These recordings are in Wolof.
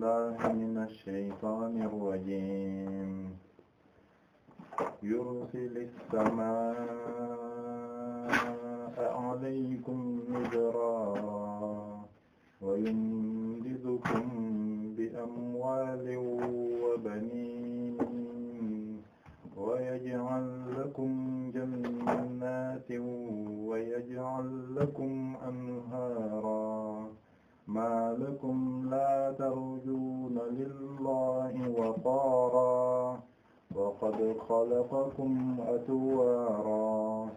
بالله من الشيطان الرجيم يرسل السماء عليكم مدرارا ويمددكم بأموال وبنين ويجعل لكم جنات ويجعل لكم أنهارا ما لكم لا ترجون لله وقارا وقد خلقكم أتوارا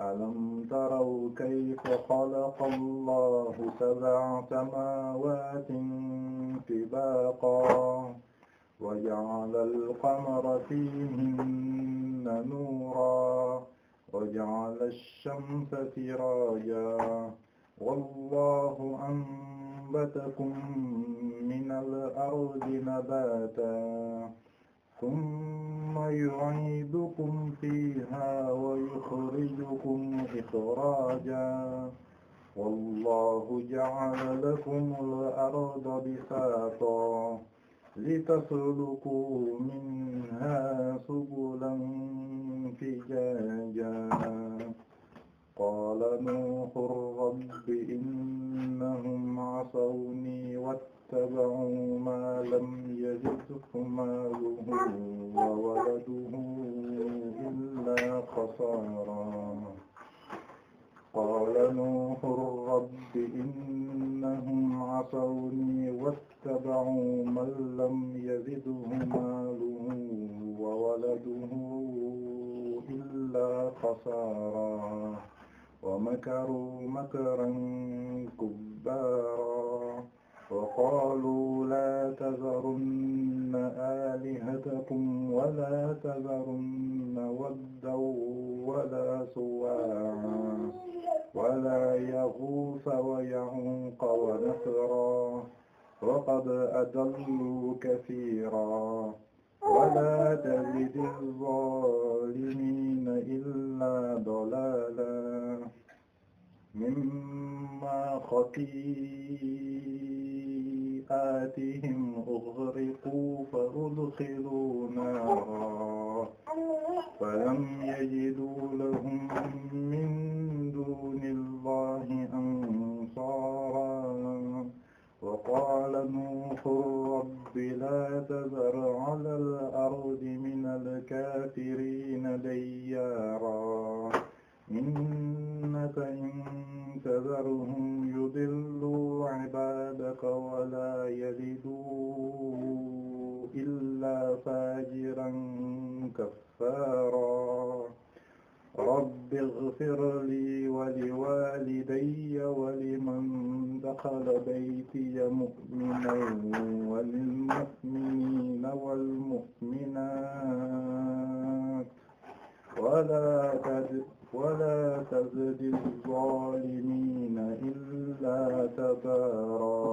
ألم تروا كيف خلق الله سبع سماوات طباقا وجعل القمر فيهن نورا وجعل الشمس سراجا wallahu anbatakum min al-ardi nabata summa yu'iidukum fiha wa yuxrijukum ixraaja wallahu ja'ala lakum al-arda bisaatan litaslukuu minha subulan fijaaja qaala nuuhun rabbi innahum asawni wattaba'uu maa lam yazidhu maaluhu wa waladuhu illaa khasaaran qaala nuuhun rabbi innahum asawni wattaba'uu man lam yazidhu maaluhu wa waladuhu illaa khasaaran wa makaruu makaran kubbaaran wa qaaluu laa tazarunna aalihatakum wa laa tazarunna waddan wa laa suwaacan wa laa yaguusa wa yacuuqa wa nasran wa qad adalluu kasiiran wa laa tazidi zzaalimiina illaa dalaalan mimma xati'aatihim ughriqu fa udkhiluu naaran falam yajiduu lahum min duunillaahi ansaaran wa qaala nuuhun rabbi laa tadhar alal ardi minal kaafiriina dayyaaran فإن تذرهم يضلوا عبادك ولا يلدوا إلا فاجرا كفارا رب اغفر لي ولوالدي ولمن دخل بيتي مؤمنا والمؤمنين والمؤمنات ولا تدع ولا تزد الظالمين إلا تبارا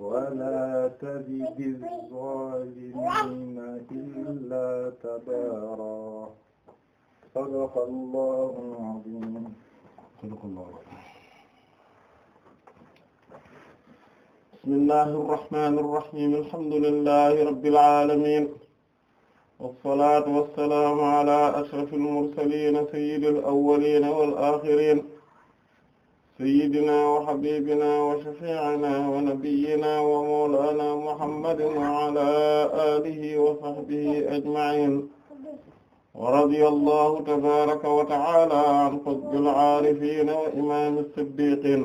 ولا تزد الظالمين إلا تبارا صدق الله العظيم صدق الله بسم الله الرحمن الرحيم الحمد لله رب العالمين wasalaatu wasalaamu ala ashrafil mursaliina sayyidil awwaliina wal aaxiriina sayyidinaa wa habiibinaa wa shafii'inaa wa nabiyyinaa wa mawlaanaa muhammadin wa ala aalihi wa sahbihi ajma'iin. wa radiyallaahu tabaaraka wa ta'aalaa an qutbil aarifiina wa imaamil siddiiqiin.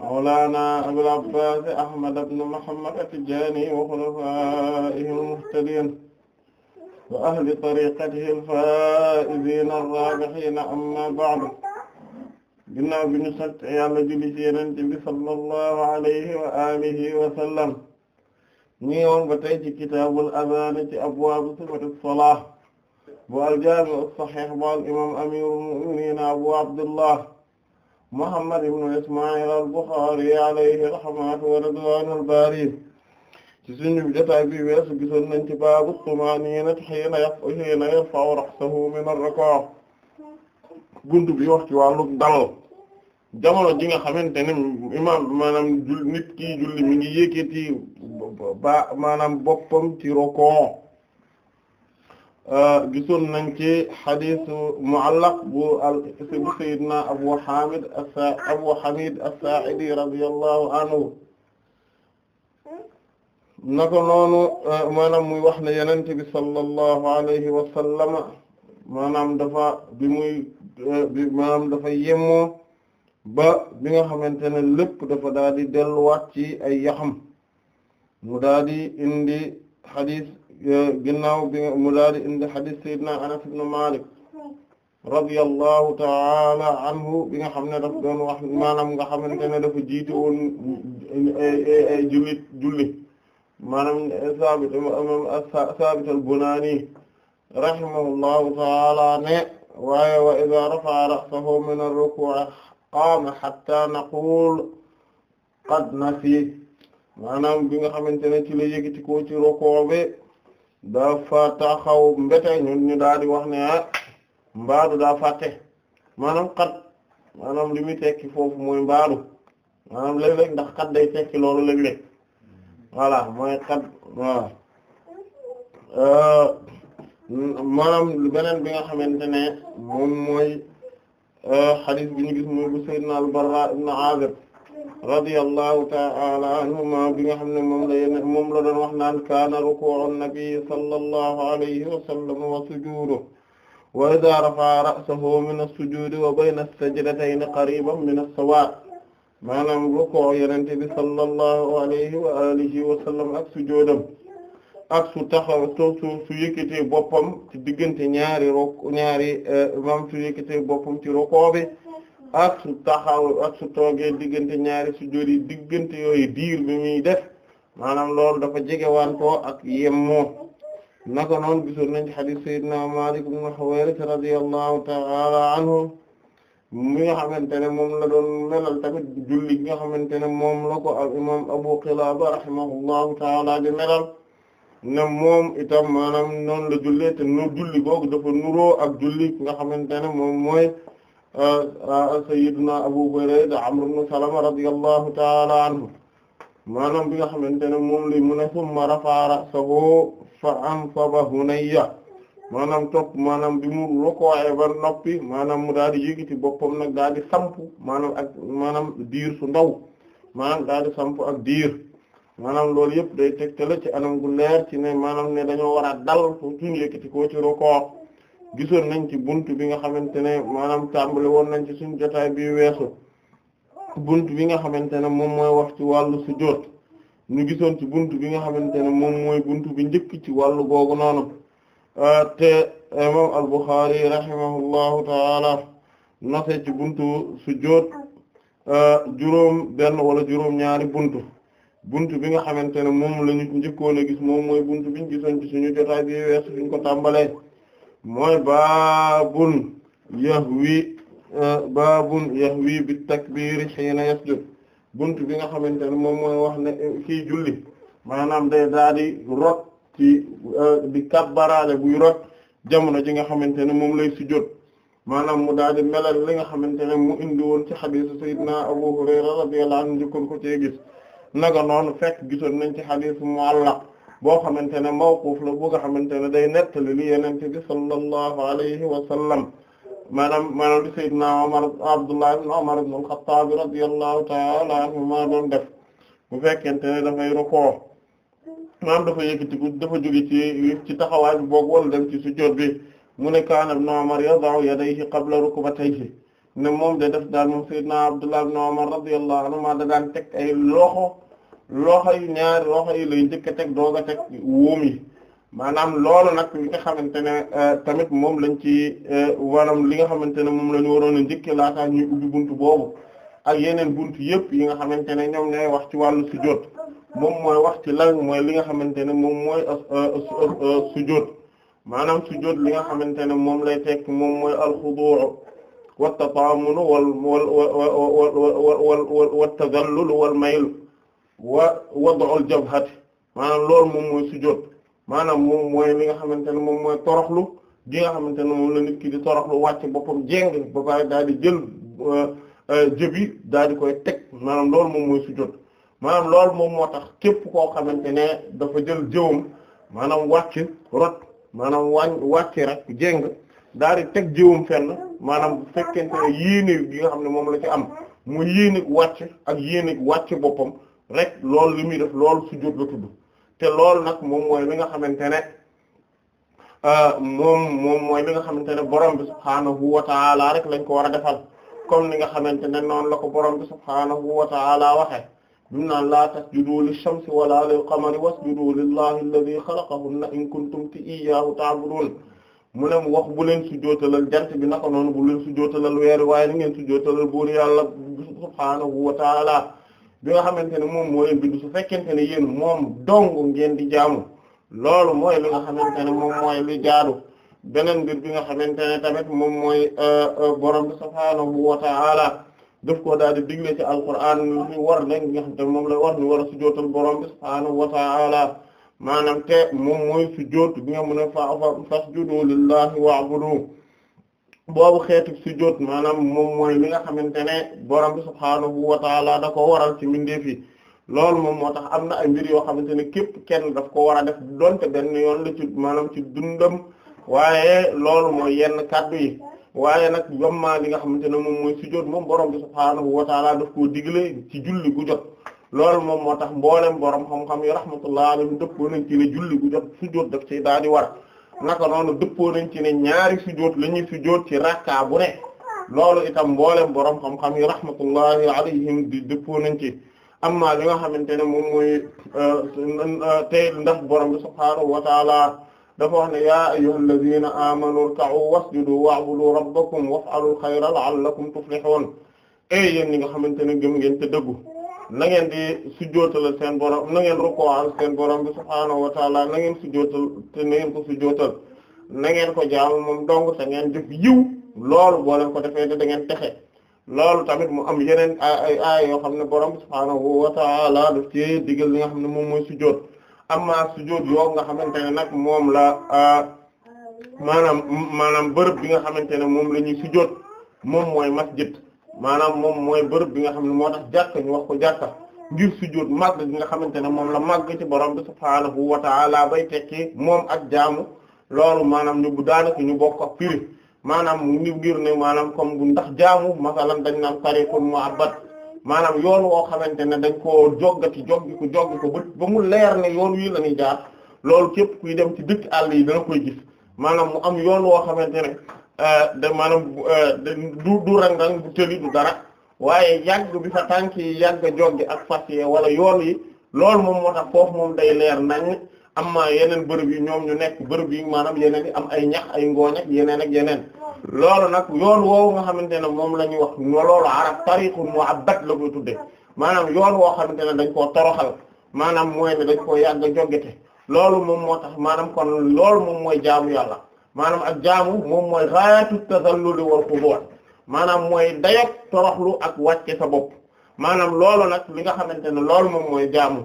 mawlaanaa abil abbaas ahmad ibn muhammad at-tijaani wa xulafaa'ihil muhtadiin. wa ahli tariqatihi al-faa'iziina ar-raabihiina ammaa ba'du ginnaaw bi ñu sant Yàlla julli ci Yonent bi sallallahu alayhi wa alihi wa sallam ñu ngi woon ba tey ci kitaabul azaan ci abwaabu sifati salaah bu al-jaami as-sahiih bu al-imaam amiirul mu'miniin abu abdullah muhammad ibn ismaa'iil al-Buxaari alayhi rahmatu wa ridwaanul baari ci suñu jotaay bi weesu gisoon nañ ci baabu tumaaniinati hiina yaf hiina yarfa'u min ar-ruku' buntu bi wax ci wàllu dal jamono ji nga xamante ne imaam maanaam jul julli mi ngi yëkkati ba maanaam boppam ci ruku' euh, gisoon nañ ci xadiisu mu'allaq bu al bu sayyidina Abu Hamid as-Abu Hamid as-Sa'idi naka noonu eh, maanaam muy wax ne yenente bi sallallahu alayhi wa sallam maanaam dafa bi muy eh, bi maanaam dafa ba bi nga xamante ne lépp dafa daal di delluwaat ci ay yaxam mu daal di indi xadis eh, ginnaaw bi daal di indi xadis sayyidina Anas ibn Malik radiyallahu taala anhu bi nga xam ne daf doon wax maanaam nga xam ne dafa jiite woon ay julli maanaam sabit imam sabit al-Bunani rahimahullahu ta'ala ne waaye wa idha rafa'a ra'sahu min ar-ruku' qaama hatta naqul qad nasi maanaam bi nga xamante ne ci la yëkkati ko ci ruku' bi dafa taxaw mbete ñu daal di wax ne ah mbaadu daa fàtte maanaam qad maanaam li tekki foofu mooy mbaadu maanaam léeg-léeg ndax qad tekki loolu léeg-léeg voilà mooy xat voilà euh, maanaam beneen bi nga xamante ne moom mooy hadith euh, bi ñu gis mooy bu sayyidina al-Barra ibn Azib radiyallahu ta'ala anhuma bi nga xam ne moom la yéen moom la doon wax naan kaana ruku'u nabi sallallahu alayhi wa sallam wa sujuduhu wa idha rafa'a ra'sahu min as-sujudi wa bayna as-sajdatayni qariban min as-sawa' maanaam rukkoo yenente bi sallallahu alayhi wa alihi ak sujoodam ak su taxaw su su boppam ci diggante ñaari rok ñaari eh, maam su yëkkatee boppam ti rukkoo bi ak su taxaw ak su toogee diggante ñaari sujood yi diggante yooyu diir bi muy def maanaam loolu dafa jegewantoo ak yemmoo naka noonu gisoon nañ xadiis sayyidina Maalik ibn Huwayrith radiyallahu ta'ala anhu mi nga xamante ne moom la doon melal tamit julli gi nga xamante ne moom la ko al imam Abu Qilaba rahimahullahu taala di melal ne moom itam maanaam noonu la jullee te nu julli googu dafa nuroo ak julli nga xamante ne moom mooy euh, sayyiduna Abu Burayda Amr ibn Salama radiyallahu taala anhu maanaam bi nga xamante ne moom lay mun a summa rafaara sahu fa ansaba hunayya maanaam topp maanaam bi mu rokkooyee ba noppi maanaam mu daal di yëkkati boppam nag daal di sampu maanaam ak maanaam diir su ndaw maanaam daal di sampu ak diir maanaam loolu yëpp day tegtale ci anam gu leer ci ne maanaam ne dañoo waraat a dal fu suñu yëkkati koo ci rokkoo gisoon nañ ci bunt bi nga xamante ne maanaam tàmbali woon nañ ci suñu jotaay bi weesu buntu bi nga xamante ne moom mooy wax ci wàllu sujjóot ñu gisoon ci bunt bi nga xamante ne moom mooy bunt bi njëkk ci wàllu googu noonu. te imam al-Bukhari rahimahullahu taala nase ci buntu sujjóot uh, juróom benn wala juróom ñaari buntu buntu bi nga xamante ne moom la ñu njëkkoon a gis moom mooy buntu biñ gisoon ci suñu jotaay bi weesu suñ ko tàmbalee mooy baabun yahwi uh, baabun yahwi bi takbiri hiina yasjud buntu bi nga xamante ne moom mooy wax ne ki julli maanaam day daal di ci euh, di kabbaraale buy rot jamono ji nga xamante ne moom lay sujjóot maanaam mu daal di melal li nga xamante ne mu indi woon ci xadisu sayyidina Abu Hurayra radiyallahu anhu njëkkoon ko cee gis naka noonu fekk gisoon nañ ci xadisu mu'allaq boo xamante ne mawquf la bu nga xamante ne day nettali li yenente bi sallallahu alayhi wa sallam maanaam maanaam di sayyidina Umar Abdullah ibn Umar ibn al-Khattab radiyallahu ta'ala anhu maa doon def bu fekkente ne dafay rukoo maanaam dafa yëkkatiku dafa jóge ci ci bi boog wala dem ci sujjóot bi mu ne kaana ibn Umar yada'u yadayhi qabla rukbatayhi ne moom de def daal moom sayyidina Abdullah ibn Umar radiyallahu anhuma da daan teg ay loxo loxo yu ñaari loxo yi lay njëkk a teg doog a teg wóom yi maanaam loolu nag li nga xamante ne euh, tamit moom lañ ci euh, waram li nga xamante ne moom la ñu waroon a njëkke laataa ñuy ubbi buntu boobu ak yeneen bunt yëpp yi nga xamante ne ñoom ñooy wax ci wàllu sujjóot moom mooy wax ci lan mooy li nga xamante ne moom mooy euh, euh, euh, sujud maanaam sujud li nga xamante ne moom lay tekk moom mooy alxudu' wa tataamunu wa wal wa wal wa tadallul wal mayl wa wad'ul jabhati maanaam loolu moom mooy sujud maanaam moom mooy li nga xamante ne moom mooy toroxlu gi nga xamante ne moom la nit ki di toroxlu wàcc boppam jéng ba pare daal di jël jëbi daal di koy teg maanaam loolu moom mooy sujud maanaam loolu moom moo tax képp koo xamante ne dafa jël jëwam maanaam wàcc rot maanaam wàñ wàcc rek jéng daal di teg jëwam fenn maanaam bu fekkente ne gi nga xam ne moom la ci am mu yéene wàcc ak yéene wàcc boppam rek loolu li muy def loolu sujjóot la tudd te loolu nag moom mooy li nga xamante ne euh, moom moom mooy li nga xamante ne borom bi subhaanahu wa taala rek lañ ko war a defal comme ni nga xamante ne noonu la ko borom bi subhaanahu wa taala waxe bi naan laa tasjudu li shamsi wala lil qamari wasjudu lillahi alladhi khalaqahunna in kuntum iyyahu ta'budun mu ne wax bu leen sujootalal jant bi naka noonu bu leen sujootalal weer waaye ni ngeen sujootalal buur yàlla subhaanahu wa taala bi nga xamante ne moom mooy bind su fekkente ne yéen moom dong ngeen di jaamu loolu mooy li nga xamante ne moom mooy li jaadu beneen mbir bi nga xamante ne tamit moom mooy euh, euh, borom bi subhaanahu wa daf koo daal di digle ci alquran ni war nañ nga xam te moom la war ni war a sujjóotal borom bi subhaanahu maanaam te moom mooy sujjóot bi nga mu ne fa fasjudu lillahi wa'budu boobu xeetu sujjóot maanaam moom mooy li nga xamante ne borom bi subhaanahu wa ta'ala da ko waral ci mbindeef yi loolu moom moo tax am na ay mbir yoo xamante ne képp kenn daf ko war a def donte benn yoon la ci maanaam ci dundam waaye loolu mooy yenn kàddu yi waaye nag yommaa li nga xamante ne moom mooy sujjóot moom borom bi subhaanahu wa taala daf koo digle ci julli gu jot loolu moom moo tax mboolem borom xam-xam yi rahmatullah alayhim dëppoo nañ ci ne julli gu jot sujjóot daf ci daal di war naka noonu dëppoo nañ ci ne ñaari sujjóot la ñuy sujjóot ci rakkaa bu ne loolu itam mboolem borom xam-xam yi rahmatullahi alayhim di dëppoo nañ ci amma li nga xamante ne moom mooy euh, euh, te ndax borom bi subhaanahu wa dafa wax ne yaa ayyuhal lazina amanu irka'u wasjudu wa'budu rabbakum waf'alul xayra la'allakum tuflihun e yéen ñi nga xamante ne gëm ngeen te dëggu na ngeen di sujjootal seen borom na ngeen rukkoo seen borom bi subhaanahu wa ta'ala na ngeen sujjootal te na ngeen ko sujjootal na ngeen ko jaamu moom dong te ngeen jëf yiw loolu boo leen ko defee da ngeen texe loolu tamit mu am yeneen ay ay yoo xam ne borom bi subhaanahu wa ta'ala daf ci digal li nga xam ne moom mooy sujjoot amma sujjóot yoo nga xamante ne nag moom la maanaam maanaam bërëb bi nga xamante ne moom la ñuy sujjóot moom mooy masjid maanaam moom mooy bërëb bi nga xam ne moo tax jàkka ko jàkka ngir sujjóot màgg bi nga xamante ne moom la màgg ci borom bi subhaanahu wa ta'ala bay tekki moom ak jaamu loolu maanaam ñu bu daanaka ñu bokk ak firi maanaam mu ngi ngir ne maanaam comme bu ndax jaamu masalan dañ naan tariqul mu'abbad maanaam yoon woo xamante ne dañ koo joggati joggi ko joggi ko ba mu leer ne yoon wii la ñuy jaar loolu képp kuy dem ci dëkk àll yi dana koy gis maanaam mu am yoon woo xamante ne euh, da maanaam euh, du du rang-rang du tëli du dara waaye yàgg bi fa tànk yi yàgg joggi ak fas yee wala yoon yi loolu moom moo tax foofu moom day leer nañ am ma yeneen bërëb yi ñoom ñu nekk bërëb yi maanaam yeneen yi am ay ñax ay ngooñ ak yeneen ak yeneen loolu nag yoon woowu nga xamante ne moom la ñuy wax loolu arab tariqul mu'abbad la koy tudde maanaam yoon woo xamante ne dañ koo toroxal maanaam mooy ne dañ koo yàgg a loolu moom moo tax maanaam kon loolu moom mooy jaamu yàlla maanaam ak jaamu moom mooy ghaayatu tazallul wal xudu' maanaam mooy dayak toroxlu ak wàcce sa bopp maanaam loolu nag li nga xamante ne loolu moom mooy jaamu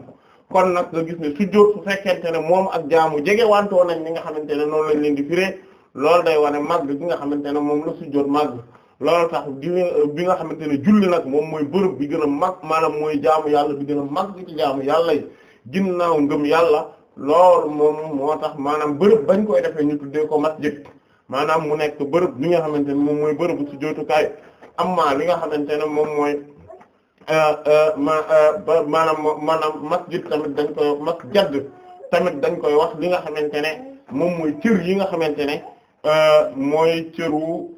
kon nag nga gis ne sujjóot su fekkente ne moom ak jaamu jege wantoo nañ ni nga xamante ne noonu lañ leen di firee loolu day wane màgg bi nga xamante ne moom la sujjóot màgg loolu tax di bi nga xamante ne julli nag moom mooy bërëb bi gën a mag maanaam mooy jaamu yàlla bi gën a mag ci yàlla yi ginnaaw ngëm yàlla loolu moom moo tax maanaam bërëb bañ koy defee ñu tuddee ko masjid maanaam mu nekk bërëb bi nga xamante ne moom mooy bërëbu sujjóotukaay amma li nga xamante ne moom mooy Euh, euh, ma euh, maanaam maanaam masjid tamit dañ koy masjad tamit dañ koy wax li nga xamante ne moom mooy cër yi nga xamante ne mooy cëru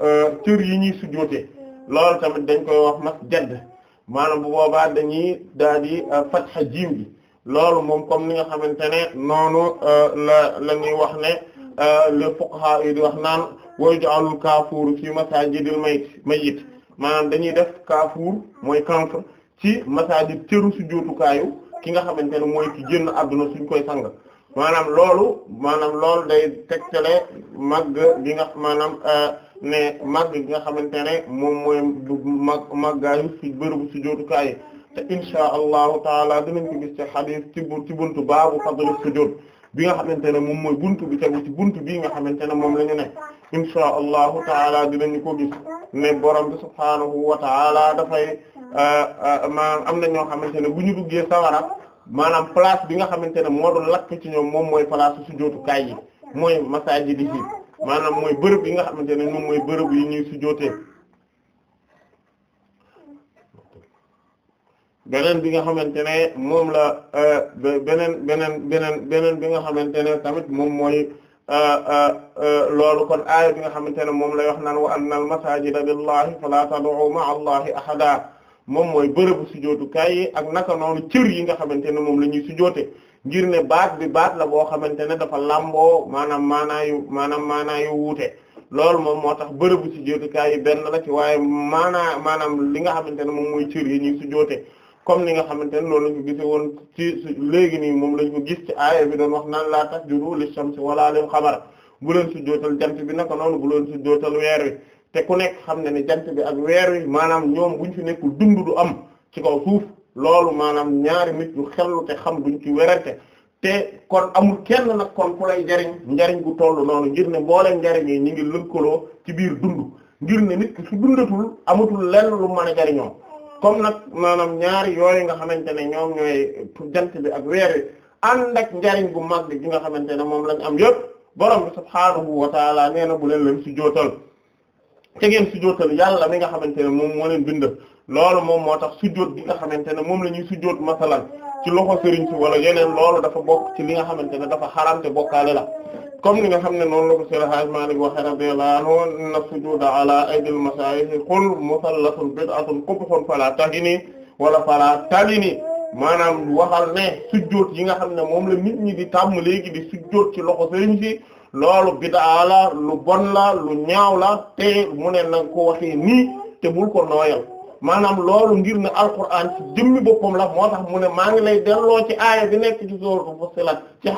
cër yi ñuy sujoote loolu tamit dañ koy wax masjad maanaam bu boobaa dañuy daal di fatxa jiim loolu moom comme ni nga xamante ne noonu la la ñuy wax ne le fuqaha yi di wax naan way ja'alul kaafuur fi masaajidil mayit mayyit maanaam dañuy def kaafuur mooy camphre ci masaajid cëru sujjóotukaayu ki nga xamante ne mooy ki génn àdduna suñ koy sang maanaam loolu maanaam loolu day tegtale màgg gi nga maanaam euh, ne màgg gi nga xamante ne moom mooy mag màggaayu si bërëbu sujjóotukaay yi te insha allahu taala danañ ko gis ci xadiis ci ci buntu baabu fadlu sujjóot bi nga xamante ne moom mooy buntu bi tegu ci buntu bii nga xamante ne moom la ñu ne insha allahu taala dinañu ko gis ne borom bi subhaanahu wa taala dafay eh, eh, maanaam am na ñoo xamante ne bu ñu duggee sawara maanaam place bi nga xamante ne moo lakk ci moom mooy place sujjóotukaay yi mooy masaajid yi maanaam mooy bërëb yi nga xamante ne moom mooy bërëb yi ñuy sujjóotee beneen bi nga xamante ne moom la eh, beneen beneen beneen beneen bi nga xamante ne tamit moom mooy Euh, euh, euh, loolu kon aaya bi nga xamante ne moom lay wax naan wa anna al masajida lillahi fala tad'u ma'a a ahada moom mooy bërëbu sujootukaay yi ak naka noonu cër yi nga xamante ne moom la ñuy sujoote ngir ne baat bi baat la boo xamante ne dafa lamboo maanaam maanaa yu maanaam maanaa yu wuute loolu moom moo tax bërëbu sujootukaay yi benn la ci waaye maanaa maanaam li nga xamante ne moom mooy cër yi ñuy sujoote comme ni nga xamante ne loolu lañ ko gise woon ci léegi nii moom lañ ko gis ci aaya bi doon wax naan laa tasjudu li shamsi wala lil qamar bu leen sujjootal jant bi naka noonu bu leen sujjootal weer wi te ku nekk xam ne ni jant bi ak weer wi maanaam ñoom buñ fi nekkul dund du am ci kaw suuf loolu maanaam ñaari nit yu xelu te xam duñ ci werante te kon amul kenn nag kon ku lay jariñ njariñ bu toll noonu ngir ne mbooleen njariñ yi ñu ngi lëkkaloo ci biir dund ngir ne nit ki su dundatul amatul lenn lu ma a jariñoo comme nag maanaam ñaari yooyu nga xamante ne ñoom ñooy jant bi ak weer wi ànd ak njariñ bu mag gi nga xamante ne moom lañ am yëpp borom bi subhaanahu wa taala nee na bu leen leen sujjóotal te ngeen sujjóotal yàlla mi nga xamante ne moom moo leen bind loolu moom moo tax sujjóot bi nga xamante ne moom la ñuy sujjóot masalan ci loxo sëriñ si wala yeneen loolu dafa bokk ci li nga xamante ne dafa xaram te bokkaale la comme ni nga xam ne noonu la ko Seydil Hadji Malick waxe radiyallahu anhu inna sujuda ala aydil masaayikh qul musallasun bid'atun qubhun fala tahini wala fala talini maanaam waxal ne sujjóot yi nga xam ne moom la nit ñi di tàmm léegi di sujjóot ci loxo sëriñ si loolu bid'a la lu bon la lu ñaaw la te mu ne na ko waxee nii te bul ko nooyal maanaam loolu ngir ne alquran ci jëmmi boppam la moo tax mu ne maa ngi lay delloo ci aaya bi nekk ci sóoratu Fussilat ci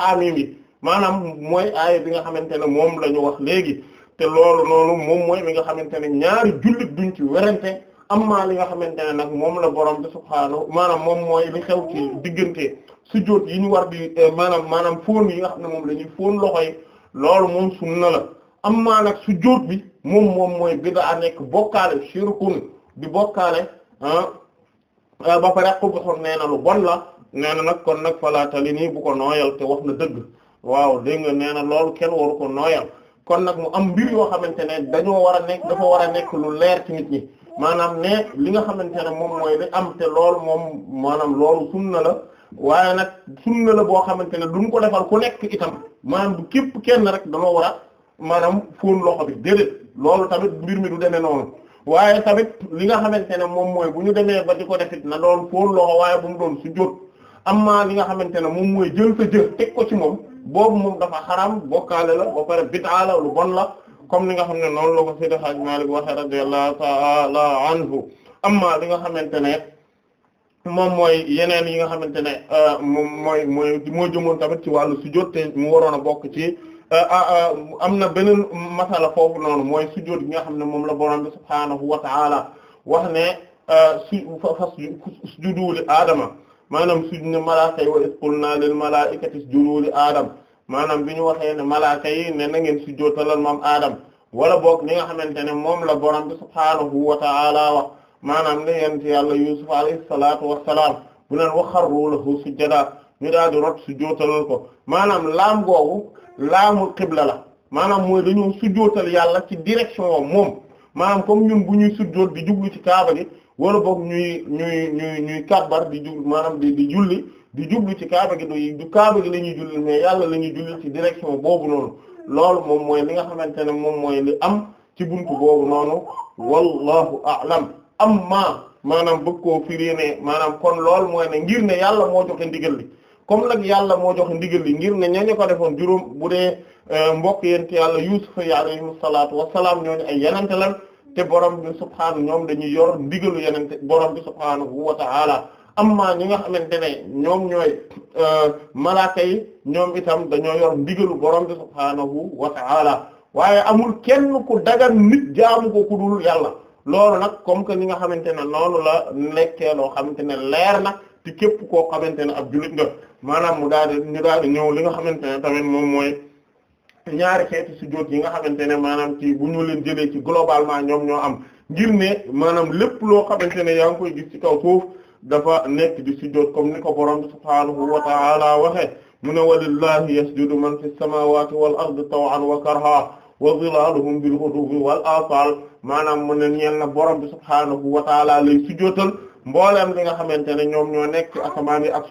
maanaam mooy aaya bi nga xamante ne moom la wax léegi te loolu noonu moom mooy mi nga xamante ne ñaari jullit duñ ci werante amma li nga xamante ne nag moom la borom bi subhaanahu maanaam moom mooy li xew ci diggante sujjóot yi ñu war di euh, maanaam maanaam fóon yi nga xam ne moom la ñuy fóon loxo yi loolu moom sunna la amma nag sujjóot bi moom moom mooy bid'a nekk bokkaale shirkun di bokkaale ah euh, ba pare xubxoon nee na lu bon la na nag kon nag falaatali nii bu ko nooyal te wax dëgg waaw dégg nga nee na loolu kenn waru ko nooyal kon nag mu am mbir yoo xamante ne dañoo war a nekk dafa war a nekk lu leer ci nit ñi maanaam ne li nga xamante ne moom mooy li am te loolu moom maanaam loolu sunna la waaye nag sunna la boo xamante ne duñ ko defal ku nekk itam maanaam du képp kenn rek dañoo war a maanaam fóon loxo bi déedéet loolu tamit mbir mi du demee noonu waaye tamit li nga xamante ne moom mooy bu ñu demee ba di ko defit na doon fóon loxo waaye bu mu doon sujjóot am na li nga xamante ne moom mooy jël sa jël teg ko ci moom boobu moom dafa xaram bokkaale la ba pare bid'a lu bon la comme ni nga xam ne noonu la ko Seydi Hadji Malick waxe radiyallahu ta'ala anhu amma li nga xamante ne moom mooy yeneen yi nga xamante ne euh, moom mooy mooy moo jëmoon tamit ci wàllu sujjóot te mu waroon bokk ci euh, ah, euh, am na beneen masala foofu noonu mooy sujjóot bi nga xam ne moom la borom bi subhaanahu wa ta'ala wax ne su fasjudu li aadama maanaam suñu ne malaaka yi wa isqulna lil malaa'ikati isjudu li aadam maanaam bi ñu waxee ne malaaka yi ne na ngeen sujjootalal maam aadam wala boog li nga xamante ne moom la borom bi subhaanahu wa ta'ala wax maanaam ne yent yàlla yusuf alayhi salaatu wassalaam bu neen wa xarru lahu sujjadaa ñu daal rot sujjootalal ko maanaam laam googu laamul qibla la maanaam mooy dañoo sujjootal yàlla ci direction moom maanaam comme ñun bu ñuy sujjoot di jublu ci kaaba gi wala boog ñuy ñuy ñuy ñuy kàbbar di jublu maanaam di julli di jublu ci kaaba gi du kaaba gi la ñuy julli mais yàlla la ñuy julli ci direction boobu noonu loolu moom mooy li nga xamante ne moom mooy li am ci buntu boobu noonu wallahu a'lam amma maanaam bëgg koo firi ne maanaam kon lool mooy ne ngir ne yàlla moo joxe ndigal li comme nag yàlla moo joxe ndigal li ngir ne ñooñu ko defoon juróom bu dee euh, mbokk yent yàlla yi alayhi salaatu wa salaam ñooñu ay yenante lan te borom bi subhaanahu ñoom dañuy yor ndigalu yeneen borom bi subhaanahu wa ta'ala amma ñi nga xamante ne ñoom ñooy euh, malaaka yi ñoom itam dañoo yor ndigalu borom bi subhaanahu wa ta'ala waaye amul kenn ku dagan nit jaamu ko ku dul yàlla loolu nag comme que ñi nga xamante ne noonu la nekkee loo xamante ne leer na te képp koo xamante ne ab jullit nga maanaam mu daal di ñu daal di ñëw li nga xamante ne tamit moom mooy. ñaari xeeti sujjóot yi nga xamante ne maanaam ci bu ñu leen jëlee ci globalement ñoom ñoo am ngir ne maanaam lépp loo xamante ne yaa ngi koy gis ci kaw suuf dafa nekk di sujjóot comme ni ko borom bi subhaanahu wa ta'ala waxee mu ne walillahi yasjudu man fi samawati wal ardi taw'an wa karha wa dhilaaluhum bil ghuduwwi wal aasaal maanaam mu ne ñeel na borom bi subhaanahu wa ta'ala lay sujjóotal mbooleem li nga xamante ne ñoom ñoo nekk asamaan yi ak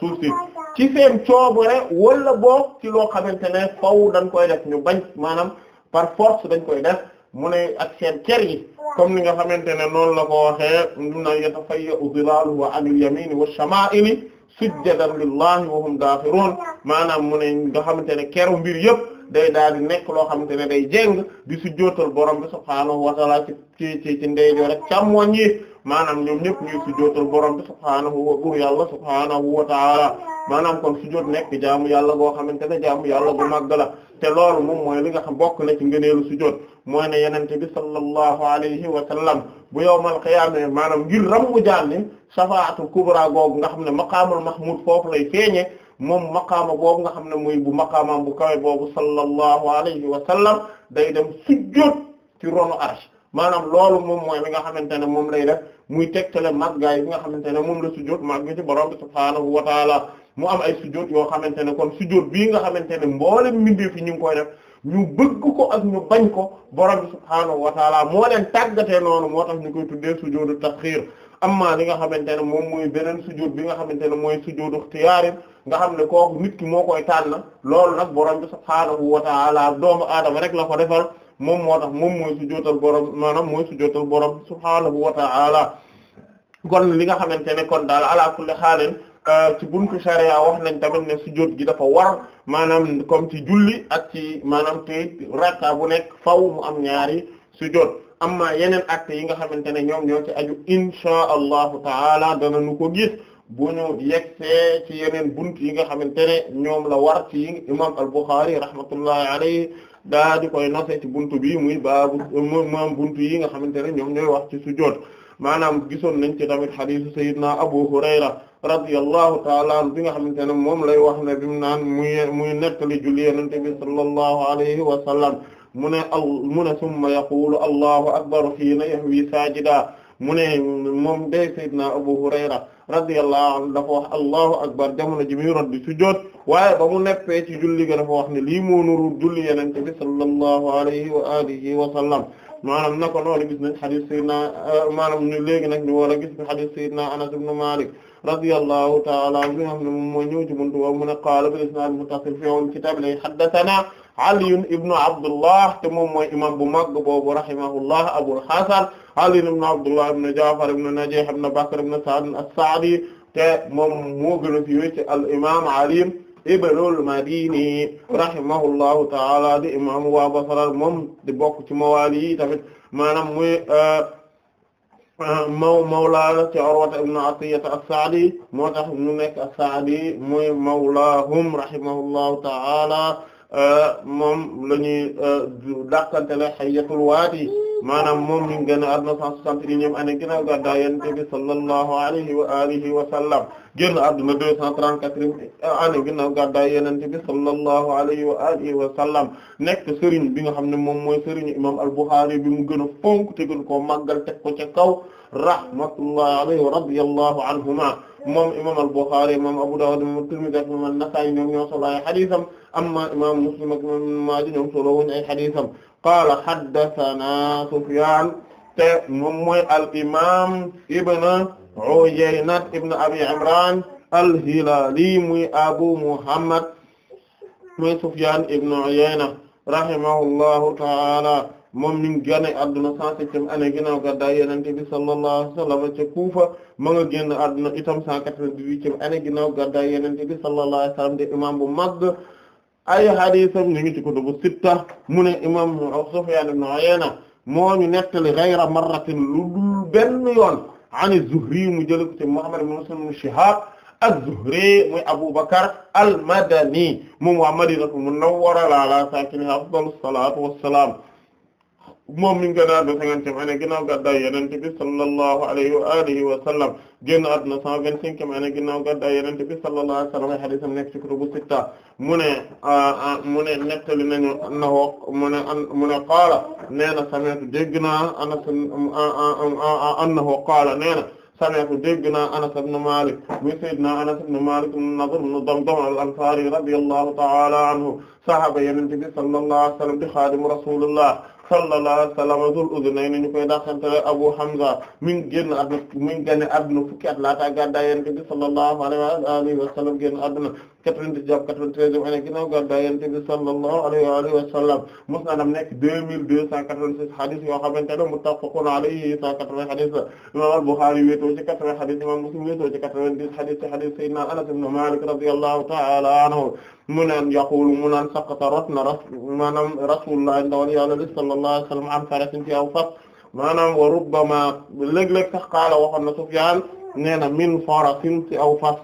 ci seen coobare wala boog ci loo xamante ne faw dañ koy def ñu bañ maanaam par force dañ koy def mu ne ak seen cer yi comme ni nga xamante ne noonu la ko waxee mu ne yatafayya'u dhilaaluhu 'anil yamini wash-shamaa'ili sujjadan lillahi wa hum daaxiruun maanaam mu ne nga xamante ne keru mbir yëpp day daal di nekk loo xamante ne day jéng di sujjootal borom bi subhaanahu wa ta'ala ci ci ci ci ndeyjoor ak càmmoñ yi maanaam ñoom ñëpp ñuy sujjootal borom bi subhaanahu wa bur yàlla subhaanahu wa ta'ala maanaam kon sujjoot nekk jaamu yàlla goo xamante ne jaamu yàlla gu màgg la te loolu moom mooy li nga xam bokk na ci ngëneelu sujjoot mooy ne yenente bi sallallahu alayhi wa sallam bu yowmal qiyaama maanaam ngir rammu jaanni shafaatul kubra googu nga xam ne maqaamul mahmud foofu lay feeñe moom maqaama boobu nga xam ne mooy bu maqaamaam bu kawe boobu sallallahu alayhi wa sallam day dem sujjóot ci ronu arsh maanaam loolu moom mooy li nga xamante ne moom lay def muy tegtale màggaay bi nga xamante ne moom la sujjóot màgg ci borom bi subhaanahu wa taala mu am ay sujjóot yoo xamante ne kon sujjóot bii nga xamante ne mboolem mbindeef yi ñu ngi koy def ñu bëgg ko ak ñu bañ ko borom bi subhaanahu wa taala moo leen tàggatee noonu moo tax ñu koy tuddee sujjóotu tasxiir amma li nga xamante ne moom mooy beneen sujjóot bi nga xamante ne mooy sujjóotu ixtiyaar nga xam ne kooku nit ki moo koy na loolu nag borom bi subhaanahu wa ta'ala doomu aadama rek la ko defal moom moo tax moom mooy sujjóotal maanaam mooy sujjóotal borom subhaanahu wa ta'ala kon li nga xamante ne kon daal ala kulli xaalin euh, ci buntu sharia wax nañ tamit ne sujjóot gi dafa war maanaam comme ci julli ak ci maanaam te rakka bu nekk faw mu am ñaari sujjóot amma yeneen actes yi nga xamante ne ñoom ñoo ci aju insha allahu taala dana nu ko gis. bu ñu yegsee ci yeneen bunt yi nga xamante ne ñoom la war ci imam al-Bukhari rahmatullahi alayhi daa di koy nose ci bunt bi muy baabu moom bunt yi nga xamante ne ñoom ñooy wax ci sujjóot maanaam gisoon nañ ci tamit xadiisu sayyidina Abu Hurayra radiyallahu taala an bi nga xamante ne moom lay wax ne bi mu naan muy muy nettali julli Yonent bi sallallahu alayhi wa sallam mu ne al mu ne summa yaqulu allahu akbar hiina yahwi saajida mu ne moom day sayyidina Abu Hurayra radiyallahu anhu dafa wax allahu akbar jamono ji muy rod di sujjóot waaye ba mu nekkee ci julli ga dafa wax ne lii moo nuru julli yonent bi sallallahu alayhi wa alihi wa sallam maanaam naka noonu gis nañ hadith sayyidina euh, maanaam ñu léegi nag ñu war a gis hadith sayyidina Anas ibn Malik radiyallahu ta'ala anhu nga xam ne moom moo ñëw ci buntu boobu mu ne qaala bil isnaad muttasil fi awwal kitaab li haddathana Ali ibn Abdullah te moom mooy imam bu mag boobu rahimahullah Abul Hasan Ali ibn Abdullah ibn Ja'far ibn Najih ibn Bakr ibn Sa'd as-Sa'di te moom moo gën a fi ci al imam Ali ibn al-Madini rahimahullahu ta'ala di imam waa Basra moom di bokk ci mawali yi tamit maanaam muy maw uh, uh, mawla ci Urwata ibn Atiyya as-Sa'di moo tax mu nekk as-Sa'di muy mawlahum rahimahullahu ta'ala uh, moom la ñuy dàqantele Hayyatul Wadi maanaam moom ñu ngi gën a adduna ane soixante-unième année ginnaaw gàddaay Yonent bi sallallahu alayhi wa alihi wa sallam génn adduna deux cent trente-quatrième année ginnaaw gàddaay Yonent bi wa alihi sallam nekk sëriñ bi nga xam ne moom mooy sëriñu imam al-Bukhari bi mu gën a fonk te gën koo màggal teg ko ca kaw rahmatullahi alayhi wa radiyallahu anhuma moom imam al-Bukhari moom Abu Dawud moom Tirmidhi ak moom an-Nasa'i ñoom ñoo solo ay xadisam amma imam Muslim ak imam Maaja solo wuñ ay xadisam qaala haddathana Sufyaan te moom mooy al imaam ibn Uyayna ibn Abi Imraan al-Hilaali muy Abu Muhammad muy Sufyaan ibn Uyayna rahimahullahu ta'ala moom mi ngi génn adduna 107e année ginnaaw gàddaay Yonent bi sallallahu alayhi wa sallam ca Kuufa ma nga génn adduna itam 198e année ginnaaw gàddaay Yonent bi sallallahu alayhi wa sallam de imaam bu mag ay hadisam ñu ngi ci kutubu sitta mu ne imam Sufyan ibn Uyayna moo ñu nettali ghayra marratin lu dul benn yoon an Zuhri mu jël ko ci Muhammad ibn Muslim ibn Shihab az-Zuhri muy Abu Bakr al-Madani moom waa Madinatu Munawwara ala saakinihaa afdalu salaatu wassalaam moom mi ngi gëdaa do cinquantième année ginnaaw gàddaay yonent bi sallallahu alayhi wa alihi wa sallam génn àdduna cent vingt-cinquième année ginnaaw gàddaay yonent bi sallallahu alayhi wa sallam ay hadisam nekk ci kutubu sitta mu ne mu ne nettali nañu na woo mu ne mu ne qaala nee na sami'tu dégg naa anas annahu qaala nee na sami'tu dégg naa anas ibn malik muy sayyidina anas ibn malik ibn nadr ibn damdam al-ansari radiyallahu ta'ala anhu sahaba yonent bi sallallahu alayhi wa sallam di xaadimu rasulullah sallallahu alayhi wa sallam zul udunayni ñu koy dàqanteel Abu Hamza mi ngi génn àdduna mi ngi génn àdduna fukki at laata gàddaay Yonent bi sallallahu alayhi wa alihi wa sallam génn àdduna 90 jàpp 93 année ginnaaw gàddaay Yonent bi sallallahu alayhi wa alihi wa sallam musnadam nekk 2286 hadith yoo xamante ne muttafaqun alayhi 180 hadith la imam al-Bukhari wéetoo ci 80 hadith imam Muslim wéetoo ci 90 hadith ci hadith sayyidina Anas ibn Malik radiyallahu ta'ala anhu mu naan yaqulu mu naan saqata rot na ras maanaam rasulullah ndawal yàlla li sallallahu alayhi wa sallam an farasin ci aw fas maanaam wa rubbama léeg-léeg sax qaala waxoon na Sufyaan nee na min farasin ci aw fas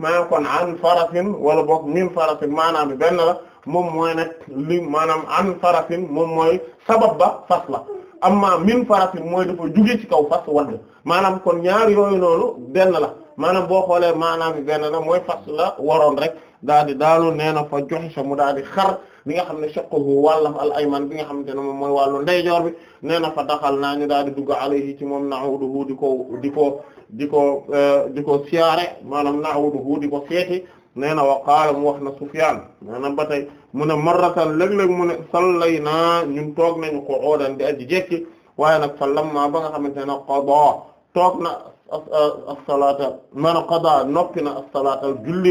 maanaam kon an farafin wala boog min farafin maanaam mi benn la moom mooy nag li maanaam an farafin moom mooy sabab ba fas la amma min farafin mooy dafa jugee ci kaw fas wadd maanaam kon ñaar yooyu noonu benn la maanaam boo xoolee maanaam bi benn la mooy fas la waroon rek daal di daalu nee na fa joxe sa mu daal di xar bi nga xam ne shaqqahu wàllam al ayman bi nga xamante ne moom mooy wàllu ndeyjoor bi nee na fa daxal naa ñu daal di dugg alayhi ci moom na'uduhu di ko di ko di ko euh, di ko siyaare maanaam na'uduhu di ko seeti nee na wa qaala mu wax na Sufyaan maanaam ba tey mu ne marratan léeg-léeg mu ne sallay naa ñun toog nañu ko oodan di aji jekki waaye nag fa lamma ba nga xamante ne qadaa toog na as euh, as salaata maanaam qadaa noppi na as salaatal julli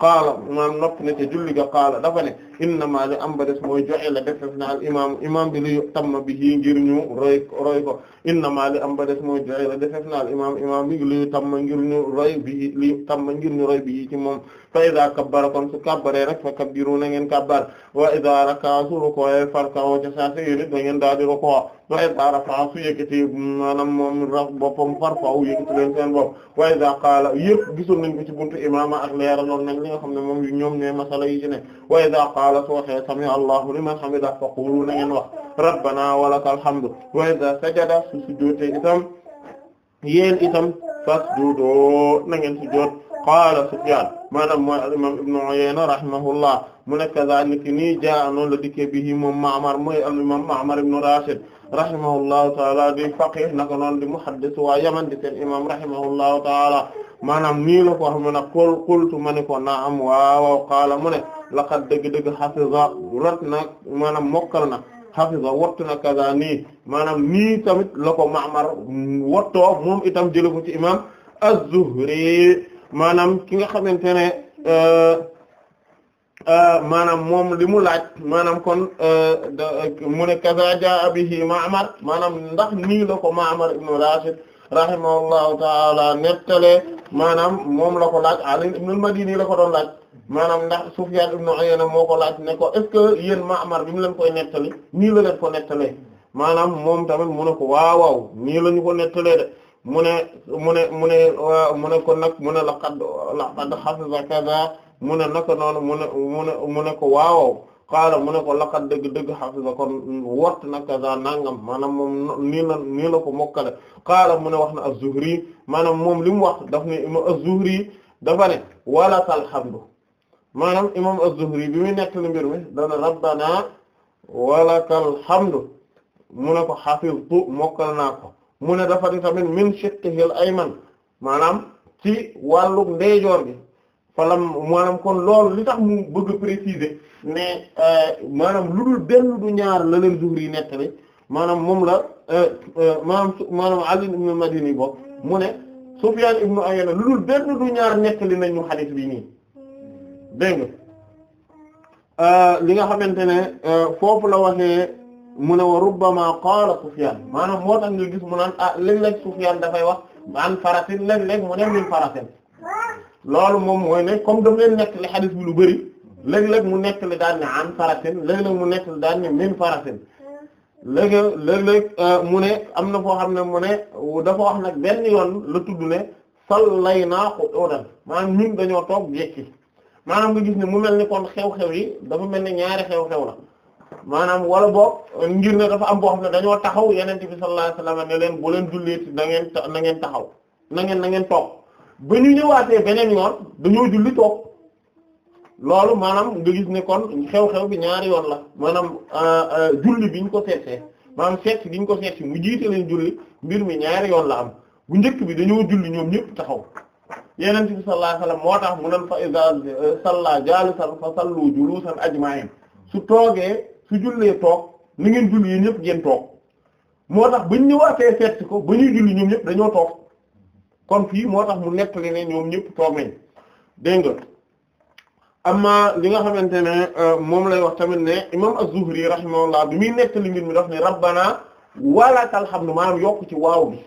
qaala imaam noppi na ca julli ga qaala dafa ne innama li am ba des mooy joxe la def def na al imaam imaam bi li tamma bi hii ngir ñu roy roy ko innama li am ba des mooy joxe la def def na al imaam imaam bi li tamma ngir ñu roy bi li tamma ngir ñu roy bi ci moom fa iza kabbara kon su kabbaree rek fa kabbiru na ngeen kabbar wa iza raka'a su rukkooyee farka'u ca saa si yéen da ngeen daal di rukkoo wa iza rafa'a su yëkkati maanaam moom raf boppam farfa'u yëkkati leen seen bopp wa iza qaala yëpp gisul nañ ko ci buntu imaama ak leeraloon nañ li nga xam ne moom ñoom ne masala yi ci ne wa idha qaala su waxee sami allahu liman hamida faqulu na ngeen wax rabbana walakal hamdu wa idha sajada su sujjóotee itam yéen itam fasjudu na ngeen sujjóot qaala Sufyaan maanaam mooy al imam ibnu Uyayna rahimahullah mu ne kazaalika nii jaa noonu la dikkee bihi moom Ma'mar mooy al imam Ma'mar ibnu Rashid rahimahullahu taala di faqih naka noonu di muhaddis waa Yaman di seen imam rahimahullahu taala maanaam nii la ko ma ne qul qultu ma ne ko naam waaw qaala mu ne laqad dëgg-dëgg hafiza rot na maanaam mokkal na hafiza wattu kaza nii maanaam nii tamit la ko Ma'mar wattoo moom itam jële ci imam az-Zuhri ki nga xamante ne euh, euh, maanaam moom li mu laaj maanaam kon euh, mu ne kaza jaa bihi Ma'mar maanaam ndax nii la Ma'mar ibn Rashid rahimahullahu taala nettale maanaam moom la ko laaj mun ma al-Madini la ko doon laaj maanaam ndax Sufyan ibn Uyayna moo ko laaj ne ko est ce que yéen Ma'mar bi koy nettali nii la leen ko maanaam moom tamit mu ne ko waaw waaw nii la ñu ko nettalee de mu ne mu ne mu ne mu ne ko nag mu ne laqad laqad hafiza kaza mu ne naka noonu mu ne mu ne mu ne ko waaw. qaala mu ne ko laqad dëgg-dëgg xafiza kon na kaza nangam maanaam moom nii ko mokkale qaala mu ne wax na az-Zuhri maanaam moom li mu wax daf ne imam az-Zuhri dafa ne walakal hamdu maanaam imam az bi muy nekk li mbir mi dana rabbana walakal hamdu mu ne ko xafiztu mokkal naa ko mu ne dafa ne tamit min shiqqihi al-ayman maanaam ci wàllu ndeyjoor gi falam maanaam kon lool li tax mu bëgg a préciser ne euh, maanaam lu dul benn du ñaar la leen Zuhri nekk nettali maanaam moom la euh, euh, maanaam maanaam Ali ibn Madini bokk mu ne Sufyan ibn Uyayna lu dul benn du ñaar nettali nañu hadith bi nii dégg nga li nga xamante ne foofu la waxee mu ne wa rubbama qaala Sufyan maanaam moo tax nga gis mu naan ah léeg-léeg Sufyan dafay wax an farasin léeg-léeg mu ne min farasin loolu moom mooy ne comme daf leen nekk li xadis bi lu bëri léeg-léeg mu nekk li daan ne an faratin léeg-léeg mu nekk li daan ne min faratin léeg-léeg euh, mu ne am na foo xam ne mu ne dafa wax nag benn yoon la tudd ne sallay naa qu'udan maanaam ñun dañoo toog jekki maanaam nga gis ne mu mel ni kon xew-xew yi dafa mel ni ñaari xew-xew la maanaam wala boog ngir ne dafa am boo xam ne dañoo taxaw yeneen bi sallallahu alayhi wasallam ne leen bu leen julleeti na na ngeen taxaw na ngeen na ngeen toog ba ñu ñëwaatee beneen yoon dañoo julli toog loolu maanaam nga gis ne kon xew-xew bi ñaari yoon la maanaam euh, euh, julli bi ñu ko seetsee maanaam seet si bi ñu ko seet si mu jiite leen julli mbir mi ñaari yoon la am bu njëkk bi dañoo julli ñoom ñëpp taxaw yeneen bi sallallahu mu nan fa iza euh, salla jalisan fa sallu julusan ajma'in su toogee su jullee toog ni ngeen julli yi ñëpp ngeen toog moo tax ba ñu ñëwaatee seet si ko ba ñuy julli ñoom ñëpp dañoo toog kon fii moo tax mu nettali ne ñoom ñëpp toog nañ dégg nga li nga xamante ne euh, moom lay wax tamit ne imam az-Zuhri rahimahullah bi muy li mbir mi daf ne rabbana walakal hamdu maanaam yokk ci waaw bi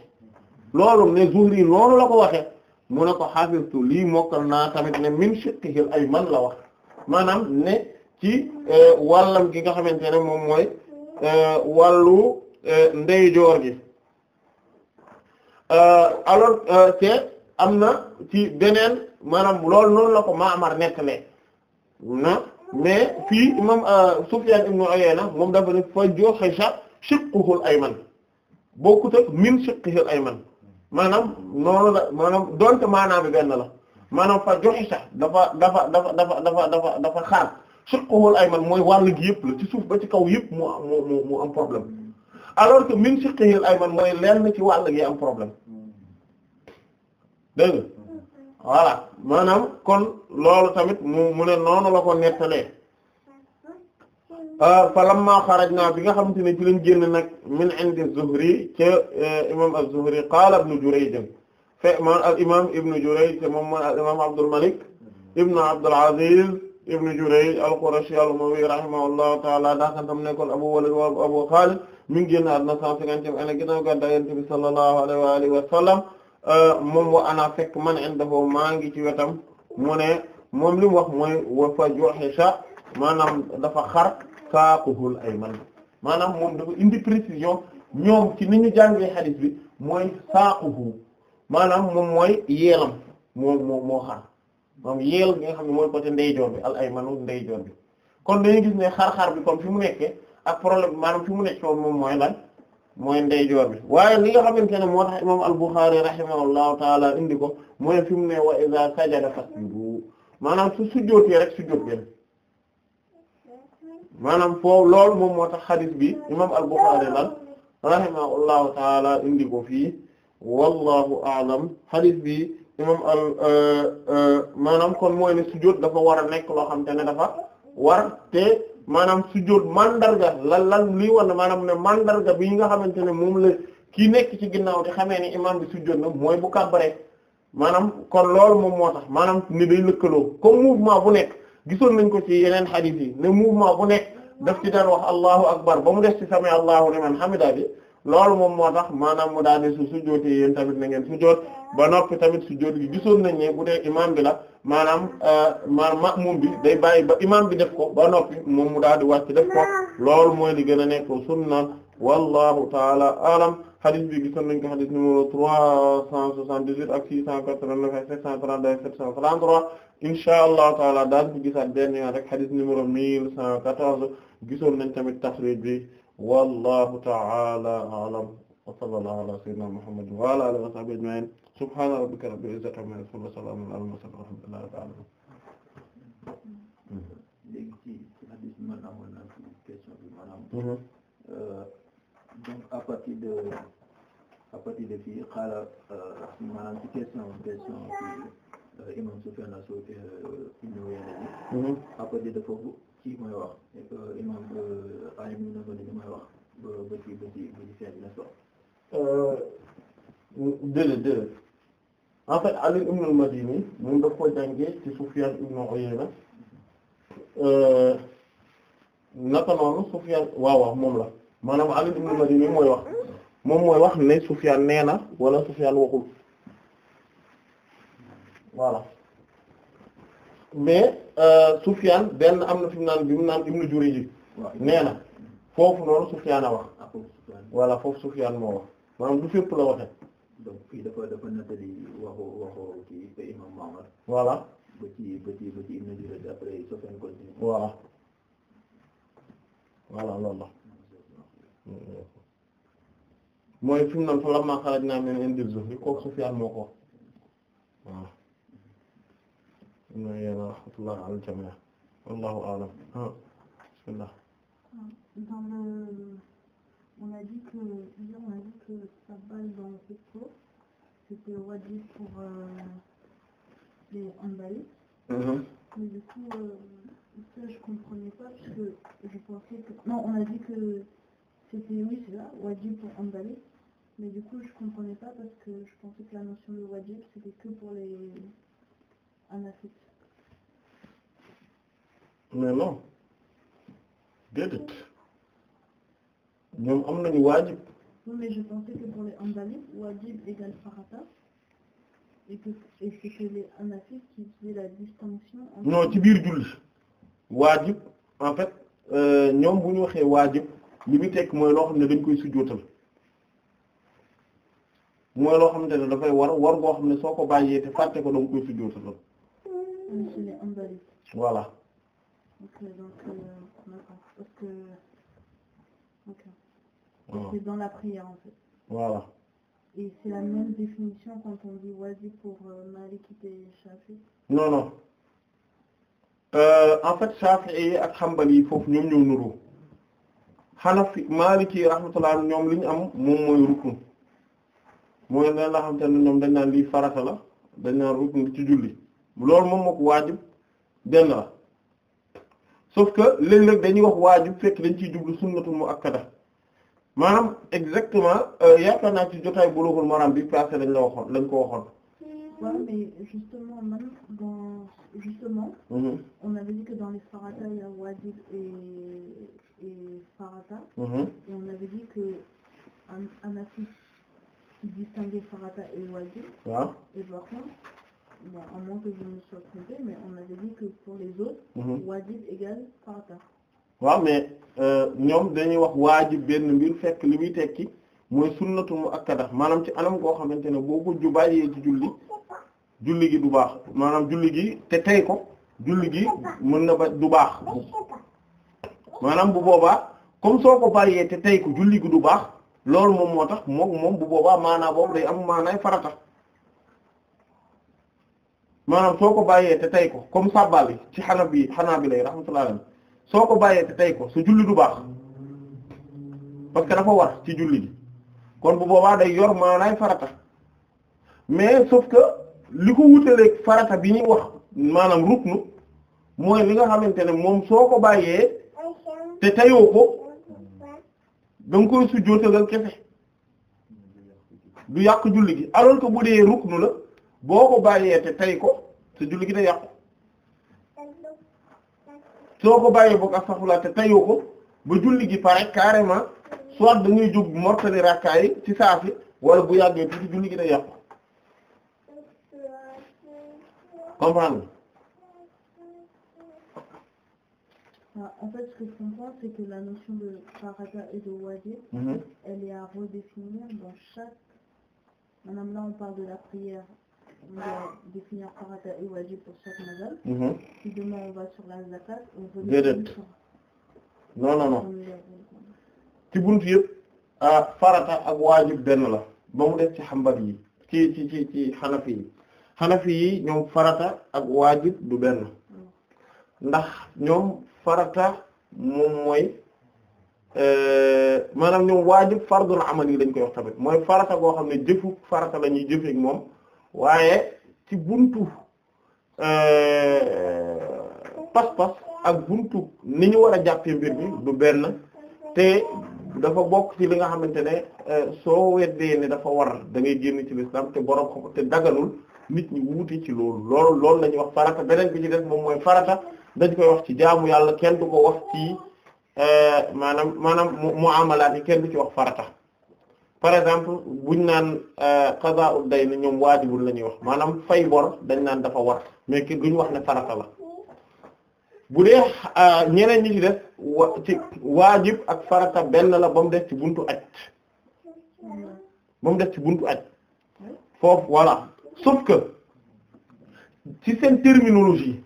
loolu ne Zuhri noonu la ko waxee mu ne ko xafirtu lii mokkal naa tamit ne min shiqqihi ay man la wax maanaam ne ci euh, wàllam gi nga xamante ne moom mooy euh, wàllu ndeyjoor gi Euh, alors euh, te am na ci beneen maanaam lool noonu la ko Ma'mar nettalee na mais fii imam euh, Sufyan ibn Uyayna moom dafa ne fa juhisha shiqquhul ayman bokkut ak min shiqqihil ayman maanaam noonu la maanaam donte maanaam bi benn la maanaam fa juhisha dafa dafa dafa dafa dafa dafa dafa xaar shiqquhul ayman mooy wàll gi yëpp la ci suuf ba ci kaw yëpp mu mu mu am problème alors que min shiqqihil ayman mooy lenn ci wàll gi am problème dégg nga mm-hmm. voilà maanaam kon loolu tamit mu mu ne noonu la ko nettalee mm-hmm. euh, fa lamma xarajna bi nga xamante ne ci lañ génn nag min indi Zuhri ca euh, imam az-Zuhri qaala ibnu Jurayj fe man al imam ibnu Jurayj te moom mooy al imam Abdul Malik ibnu Abdul Aziz ibnu Jurayj al-Qurashi al-Umawi rahimahullahu ta'ala daakantam nekkoon Abu Walid wa Abu Khalid mi ngi génn àdduna 150 ane ginnaaw gàddaay Yonent bi sallallahu alayhi wa alihi wa sallam Euh, moom wa ana fekk man indahu maa ngi ci wetam mu moom li mu wax mooy wa fa sa maanaam dafa xar saaquhul ayman maanaam moom dafa indi précision ñoom ci ni ñu jàngee hadith bi mooy saaquhu maanaam moom mooy yeelam moo moo moo xar moom yeel bi nga xam ne mooy côté ndeyjoor bi al aymanu ndeyjoor bi kon dañuy gis ne xar-xar bi kon fi mu nekkee ak problème maanaam fi mu nekk moom mooy lan mooy ndeyjoor bi waaye li nga xamante ne moo tax imam al-Bukhârî rahimahullahu taala indi ko mooy fi mu ne wa iza sajada fasjudu maanaam su sujjootee rek sujjoot benn maanaam foofu loolu moom moo tax xadis bi imam al-Bukhârî lan rahimahullahu taala indi ko fii wallahu a'lam xadis bi imam al euh, euh, maanaam kon mooy ne sujjoot dafa war a nekk loo xamante ne dafa war te maanaam sujjóot mandarga lan lan lii war na maanaam ne mandarga bi nga xamante ne moom la kii nekk ci ginnaaw te xamee ni imaam bi sujjóot na mooy bu kàbbaree maanaam kon loolu moom moo tax maanaam ni day lëkkaloo comme mouvement bu nekk gisoon nañ ko ci yeneen xadiis yi ne mouvement bu nekk daf ci daan wax allahu akbar ba mu des ci sami allahu liman hamida bi loolu moom moo tax maanaam mu daal di su sujjootee yéen tamit na sujjoot ba noppi tamit sujjoot gi gisoon nañ ne bu dee imaam bi la maanaam euh, ma ma'muum bi day bàyyi ba imaam bi def ko ba noppi moom mu daal di wàcc def loolu mooy li gën a nekk sunna wallahu taala alam hadith bi gisoon nañ ko hadith numéro 378 ak 689 ak 732 733 insha allah taala daal di gisaat benn yoon rek hadith numéro 1114 gisoon nañ tamit taxrij bi wallahu ta'ala a'lam wa sallallahu ala sayyidina muhammadin wa ala alihi wa sahbihi ajma'in subhana rabbika rabbil izzati amma yasifun wa salamun ala al-mursalin walhamdulillahi rabbil alamin léegi ci hadith bi man amoon naa ci question bi maanaam donc à partir de à partir de fii xaala euh, maanaam ci question question euh, imam Sufyan a soote ibn Uyayna bi à partir de foofu kii mooy wax imam xaalim ñu na ko bi n'est-ce pas déedéet euh, euh, déedéet en fait Ali ibn madini moom daf ko jàngee ci Sufyan ibn Uyayna euh, naka noonu Sufyan waaw waaw moom la maanaam Ali ibn al-Madini mooy wax moom mooy wax ne Sufyan nee na wala Sufyan waxul voilà mais Euh, Sufyaan benn am na fi naan bi mu naan Ibnu Jurayj nee na foofu noonu Sufyaan a wax ah, voilà foofu Sufyaan moo wax maanaam du fépp la fii dafa dafa nettali waxu la mooy fi mu naan fa lammaa moo ko na yéen rahmatullah ala al-jami' wallahu a'lam bismillah dans le on a dit que hier on a dit que sa balle dans le football c'était wajib pour euh, les handballeurs mm-hmm. mais du coup euh, ça je comprenais pas parce que je pensais que non on a dit que c'était oui c'est là wajib pour handballeurs mais du coup je comprenais pas parce que je pensais que la notion de wajib c'était que pour les mais non am nañu waajib. non mais je pensais que pour les hanbalites ci biir julli waajib en fait euh, ñoom bu ñu waxee waajib li muy tekk mooy loo xam ne dañ koy sujjóotal mooy loo xamante ne dafay war war goo xam ne soo ko bàyyee te fàtte ko danga koy sujjóotal. voilà. c'est la voilà. et même définition quand on dit wajib pour euh, Maliki et Shafi. non non euh, en fait Shafi'i ak Hanbali foofu ñoom ñoo nuru Hanafi Maliki rahmatullah ñoom li ñu am moom mooy rukn mooy lan la xam ñoom dañ naan farat la dañ naan rukn ci julli. loolu moom moo ko waajib benn la sauf que léeg-léeg dañuy wax waajib fekk dañ ciy jublu sunnatul muakkada maanaam exactement euh, yaakaar naa ci jotaay Bulughul Maram bi passé lañ la waxoon lañ ko waxoon. waaw mais justement man dans justement. Mhm. on avait dit que dans les farata il y a wajib et et farata. Mhm. et on avait dit que un distingue farata et wajib. waaw bon à moins que mhm. waaw mais euh, ñoom dañuy wax waajib benn mbir fekk li muy tekki mooy sunnatu muakkada maanaam ci anam goo xamante ne boo ko bàyyee ci julli julli gi du baax maanaam julli gi te tey ko julli gi mën na ba du baax maanaam bu boobaa comme soo ko bàyyee te tey ko julli gi du baax loolu moom moo tax moom moom bu boobaa maanaa boobu day am maanaay farata. maanaam soo ko bàyyee te tay ko comme sabbal yi ci xanaa bi xanaa bi lay rahmatullahi alayhi soo ko bàyyee te tay ko su julli du baax parce que dafa war ci julli gi kon bu boobaa day yor maanaay farata mais sauf que li ko wutaleeg farata bi ñuy wax maanaam ruknu mooy li nga xamante ne moom soo ko bàyyee te tayoo ko da nga koy sujjóotal kese du yàq julli gi alors ko bu dee ruknu la boo ko bàyyee te tay ko sa julli gi day yàqu soo ko bàyyi boog astaghfirullah te tayoo ko ba julli gi pare carrément soit da ngay jóg mortali rakkaay ci saafi wala bu yàggee tuuti julli gi day yàqu comprendre ah, en fait ce que je comprends la notion de farata mhm. de la prière Euh, mhm. déedéet non non non ci buntu yëpp ah farata ak waajib benn la ba mu def ci xambal yi ci ci ci ci xanafi yi yi ñoom farata ak waajib du benn mm. ndax ñoom farata moom mooy euh, maanaam ñoom waajib fardul amal yi dañ koy wax tamit mooy farata goo xam ne jëfu farata lañuy ñuy jëfeek moom waaye ci buntu euh, pas-pas ak buntu ni ñu war a jàppee mbir bi du benn te dafa bokk ci li nga xamante ne euh, soo weddee ne dafa war da ngay génn ci l'islam te borom xam te daganul nit ñi wuute ci loolu loolu loolu la ñuy wax farata beneen bi ci def moom mooy farata dañ koy wax ci jaamu yàlla kenn du ko wax ci euh, maanaam maanaam mu amalaat yi kenn du ci wax farata par exemple buñ naan euh, qada'u na ñoom waajibul la ñuy wax maanaam fay bor dañ naan dafa war mais ki ñu wax na farata la bu dee euh, ñeneen ñi ci def wa waajib ak farata benn la ba def ci buntu aj ba def ci buntu aj foofu voilà sauf que ci seen terminologie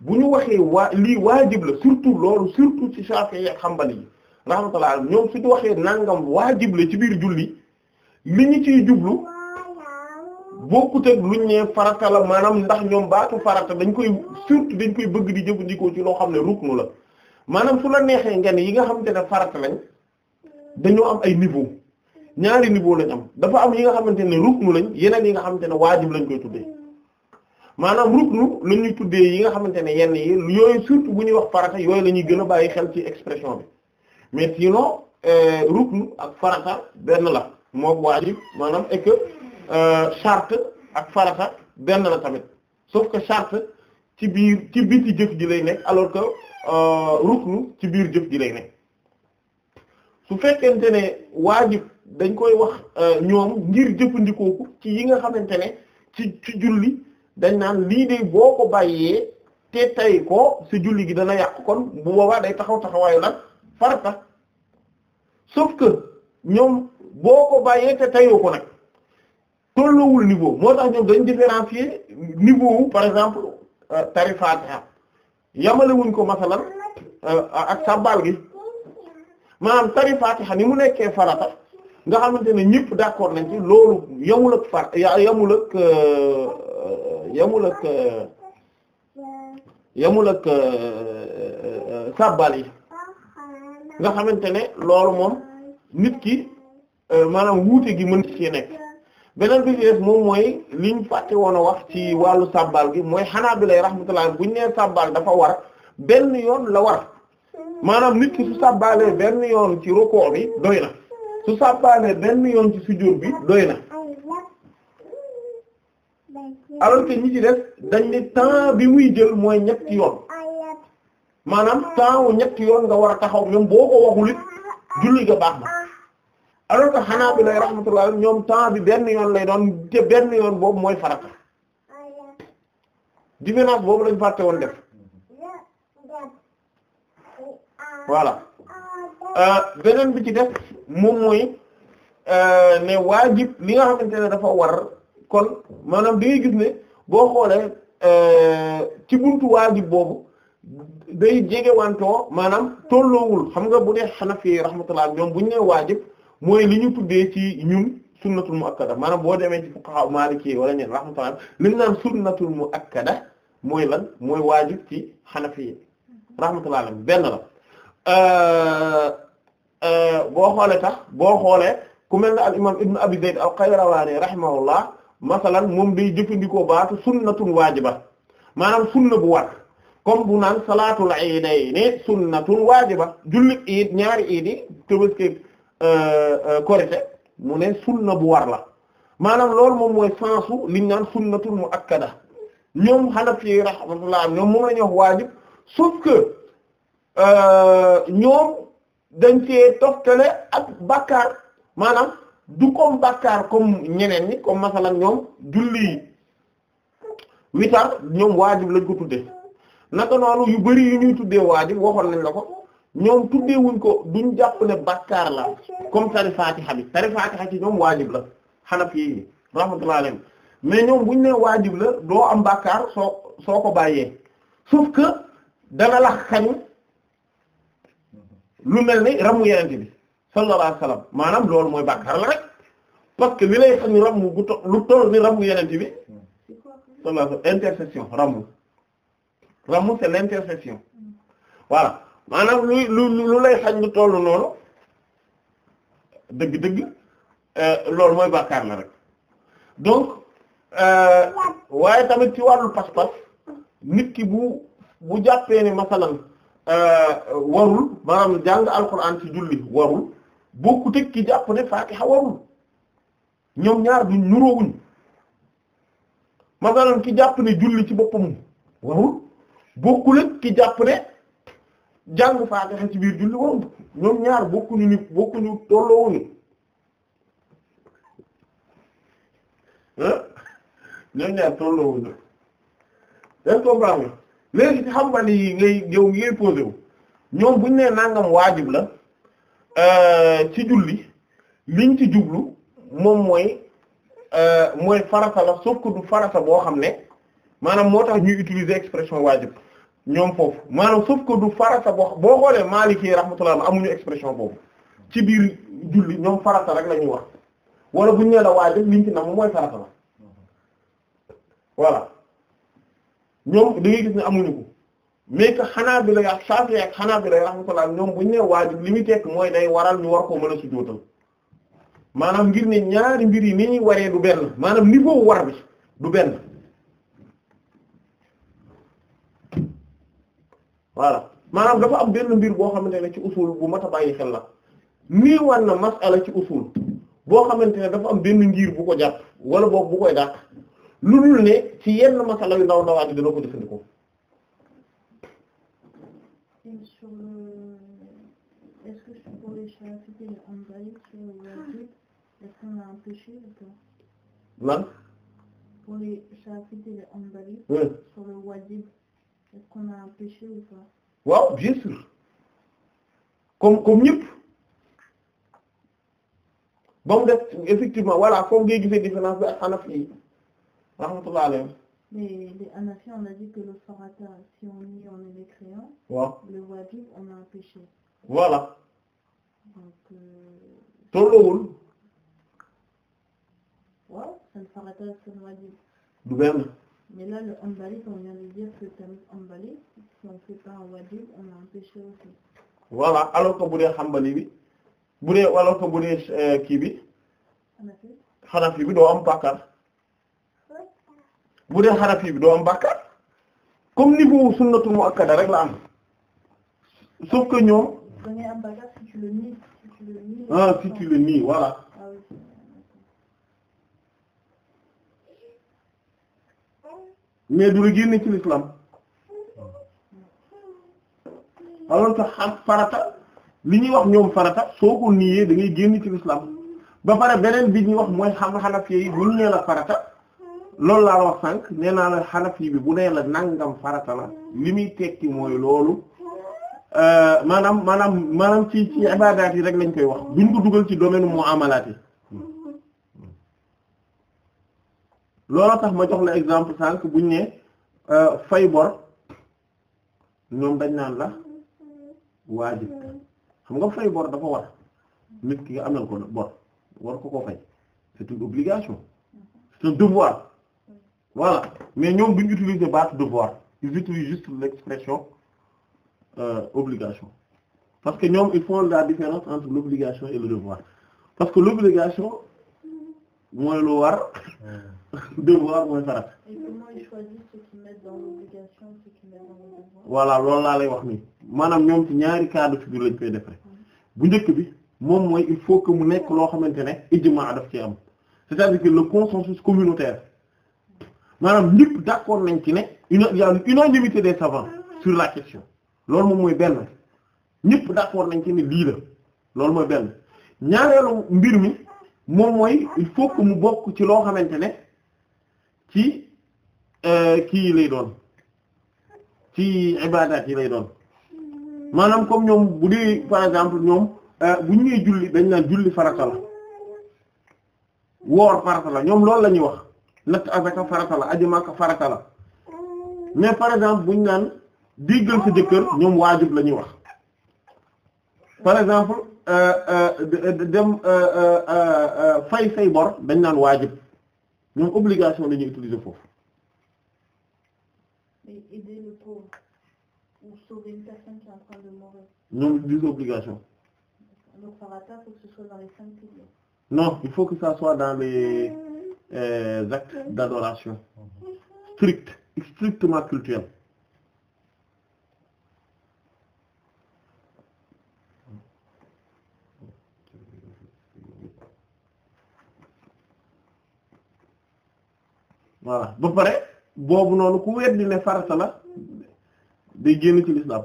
bu ñu waxee waa lii waajib la surtout loolu surtout ci Shafi'i ak Hanbali rahmatullah ñoom su ñu waxee nangam waajib la ci biir julli li ñu ciy jublu bokkut ak luñ ne farata la maanaam ndax ñoom baatu farata dañ koy surtout dañ koy bëgg di jëfandikoo ci loo xam ne ruknu la maanaam su la neexee ngeen yi nga xamante ne farata lañ dañoo am ay niveau ñaari niveau lañ am dafa am yi nga xamante ne ruknu lañ yeneen yi nga xamante ne waajib lañ koy tuddee maanaam ruknu la ñuy tuddee yi nga xamante ne yenn yi yooyu surtout bu ñuy wax farata yooyu la ñuy gën a bàyyi xel ci expression mais sinon euh, rukn ak farata benn la mook waajib maanaam et que euh, charte ak farata benn la tamit sauf que charte ci biir ci biti jëf ji lay nekk alors que euh, rukn ci biir jëf ji lay nekk su fekkente ne waajib dañ koy wax ñoom ngir jëfandikooku ci yi nga xamante ne ci ci julli dañ naan lii de boo ko bàyyee te tay ko si julli gi dana yàq kon bu boobaa day taxaw taxawaayu nag farata sauf que ñoom boo ko bàyyee te tayoo ko nag tolloowul niveau moo tax ñoom dañ différencier niveau par exemple euh, tari fatiha yamalewuñ ko masalan euh, ak sabbal gi maanaam tari fatiha ni mu nekkee farata nga xamante ne ñëpp d'accord nañ ci loolu yamul ak far yamul ak euh, yamul ak yamul ak sabbal yi nga xamante ne loolu moom nit ki euh, maanaam wuute gi mën ci nekk beneen bi ci moom mooy liñ fàtte woon a wax ci wàllu sàbbal gi mooy xanaa bi lay bu ñu nee sàbbal dafa war benn yoon la war maanaam nit ki su sàbbalee benn yoon ci rukoo bi doy na su sàbbalee benn yoon ci sujjóot bi doy na alors que ñi ci def dañ ne temps bi muy jël mooy ñetti yoon maanaam temps wu ñetti yoon nga war a taxaw ñoom boo ko waxul julli nga baax na alors que xanaa bi lay rahmatullah ñoom temps bi benn yoon lay doon te benn yoon boobu mooy farata différence boobu lañ fàtte woon def voilà euh, beneen bi ci def moom mooy euh, ne waajib li nga xamante ne dafa war kon maanaam da gis ne boo xoolee euh, ci buntu waajib boobu. day jegewantoo maanaam tolloowul xam nga bu dee Hanafi rahmatullah ñoom bu ñu nee waajib mooy li ñu tuddee ci ñun sunnatul muakkada maanaam boo demee ci fuqaha maliki wala ñeen rahmatullah li ñu naan sunnatul muakkada mooy lan mooy waajib ci Hanafi rahmatullah benn la boo xoolee tax boo xoolee ku mel na al imam ibnu abi zayd al qayrawaani rahimahullah masalan moom day jëfandikoo baatu sunnatun waajiba maanaam sunna bu war comme bu naan salaatul iidayni sunnatun waajiba jullit iid ñaari iid yi Tabaski euh, euh, Korite mu ne sunna bu war la maanaam loolu moom mooy sensu liñ naan sunnatul muakkada ñoom Hanafi rahmatullah ñoom moom la ñu wax waajib sauf que euh, ñoom dañ cee toftale ak bàkkaar maanaam du comme bàkkaar comme ñeneen ñi comme masalan ñoom julli witar ñoom waajib lañ ko tudde naka noonu yu bari yu ñuy tuddee waajib waxoon nañ la ko ñoom tuddee wuñ ko duñ jàpp ne bakkaar la comme tari fatiha bi tari fatiha ci ñoom waajib la Hanafi yi rahmatullahi alayhim mais ñoom buñ ne waajib la doo am bakkaar soo soo ko bàyyee sauf que dana la xañ lu mel ni ramu yenente bi sallallahu alayhi wasallam maanaam loolu mooy bakkaar la rek parce que lu toll ni ramu yenente bi ramu ramu c'est l'intercession voilà maanaam luy lu lu lay xañ lu tollu noonu dëgg-dëgg euh, loolu mooy bàkkaar la rek donc euh, waaye tamit ci wàllu pas-pas nit ki bu bu jàppee ne masalan euh, warul maanaam jàng alxuraan ci julli warul bokkut ak ki jàpp ne faatiha warul ñoom ñaar duñ nuroowuñ masalan ki jàpp ne julli ci boppam warul bokkul ak ki jàpp ne jàng faatiha ci biir julli warul ñoom ñaar bokkuñu ni bokkuñu tolloowuñu ñoom ñaar tolloowuñu dañ comprendre léegi ci xam nga ni ngay yow ngay posé wu ñoom buñ nee nangam waajib la euh, ci julli liñ ci jublu moom mooy euh, mooy farata la sokk du farata boo xam ne maanaam moo tax ñuy utiliser expression waajib ñoom foofu maanaam sauf ko du farata boo boo xoolee Maliki rahmatullah amuñu expression boobu ci biir julli ñoom farata rek la ñuy wax wala buñ nee la waajib liñ ci nam mooy farata la voilà ñoom gis ne amuñu ko mais que xanaa bi la yàq Shafi'i xanaa bi la rahmatullah ñoom buñ nee waajib li muy mooy day waral ñu war koo mën a sujjóotal maanaam ngir ni ñaari mbir yi ni ñuy waree du benn maanaam niveau war bi du benn voilà maanaam dafa am benn mbir boo xamante ne ci usul bu mat bàyyi xel la nii wan na ci usul boo xamante ne dafa am benn ngir bu ko jàpp wala boo bu koy dàq lu dul ne ci yenn masala ndaw ndawaat yi dina ko jëfandikoo. Euh, est-ce que waaw bien sûr comme comme ñëpp ba mu def effectivement voilà foofu ngay gisee différence bi ak xanaf yi rahmatullah alayhi mais les Hanafi on a dit que le farata si on lit on est mécréant. waaw le wajib on a un péché. voilà. donc. Euh, tolloowul. waaw seen farata seen wajib. du benn. Mais là, le tamit emballé, si on fait bu dee xambali bi bu dee alors que bu dee euh, kii bi. xanafi bi doo am bàkkaar. bu dee xanafi bi doo am bàkkaar comme niveau sunnatu muakkada rek la am sauf que ñoom. da ngay am bàkkaar si mais du la génne ci l'islam alors que xam farata li ñuy wax ñoom farata soo ko da ngay génn ci l'islam ba pare beneen bi ñuy wax mooy xam xanafi yi bu ñu nee la farata loolu laa la wax sànq nee naa la xanafi bi bu nee la nàngam farata la li muy tekki mooy loolu euh, maanaam maanaam maanaam ci ci ibaadaat yi rek lañ koy wax duñ ko dugal ci domaine mu amalaat yi looloo tax ma jox la exemple sànq bu ne euh, fay bor ñoom dañ naan la waajib xam nga fay bor dafa war nit ki nga amel ko bor war ko ko fay c'est une obligation c'est un devoir voilà mais ñoom duñ utiliser baat devoir ils utilisent juste l'expression euh, obligation parce que ñoom ils font la différence entre l'obligation et le devoir parce que l'obligation mooy lu war hmm. devoir mooy farat voilà loolu laa lay wax nii maanaam ñoom ci ñaari cas de figure lañ koy def rek bu njëkk bi moom mooy il faut que mu nekk loo xamante ne ijma daf ci am c'est-à-dire que le consensus communautaire maanaam ñëpp d'accord nañ ci ne une y a une sur la question loolu moom mooy benn ñëpp d'accord nañ ci ne lii la loolu mooy benn ñaareelu mbir mi moom mooy il mu bokk ci loo xamante ne ci euh, kii lay doon ci ibaadaat yi lay doon maanaam comme ñoom bu dee par exemple ñoom euh, bu ñu nee julli dañ naan julli farata la woor farata la ñoom loolu la ñuy wax natt azaka farata la ajumaaka farata la mais par exemple bu ñu naan déggal sa jëkkër ñoom waajib la ñuy wax par exemple euh, euh, dem euh, fay say bor dañ naan waajib ñoom obligation la ñuy utiliser foofu. mais aider le pauvre des obligations. non il faut que ça soit dans les euh, actes d'adoration stricts strictement culturels. voilà ba pare boobu noonu ku weddi farata la day génn ci lislaam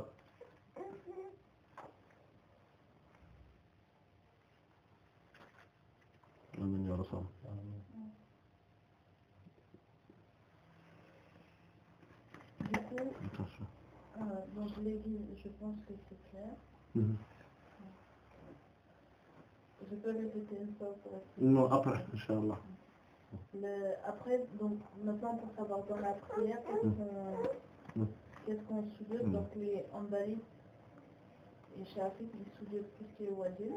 euh, donc léegi je pense que c'est Le, après, donc maintenant pour savoir dans la prière, qu'est-ce mm. qu'on mm. qu'est-ce qu'on soulève mm. Donc les hanbalites et chafites, ils soulèvent tout ce qui est wajib.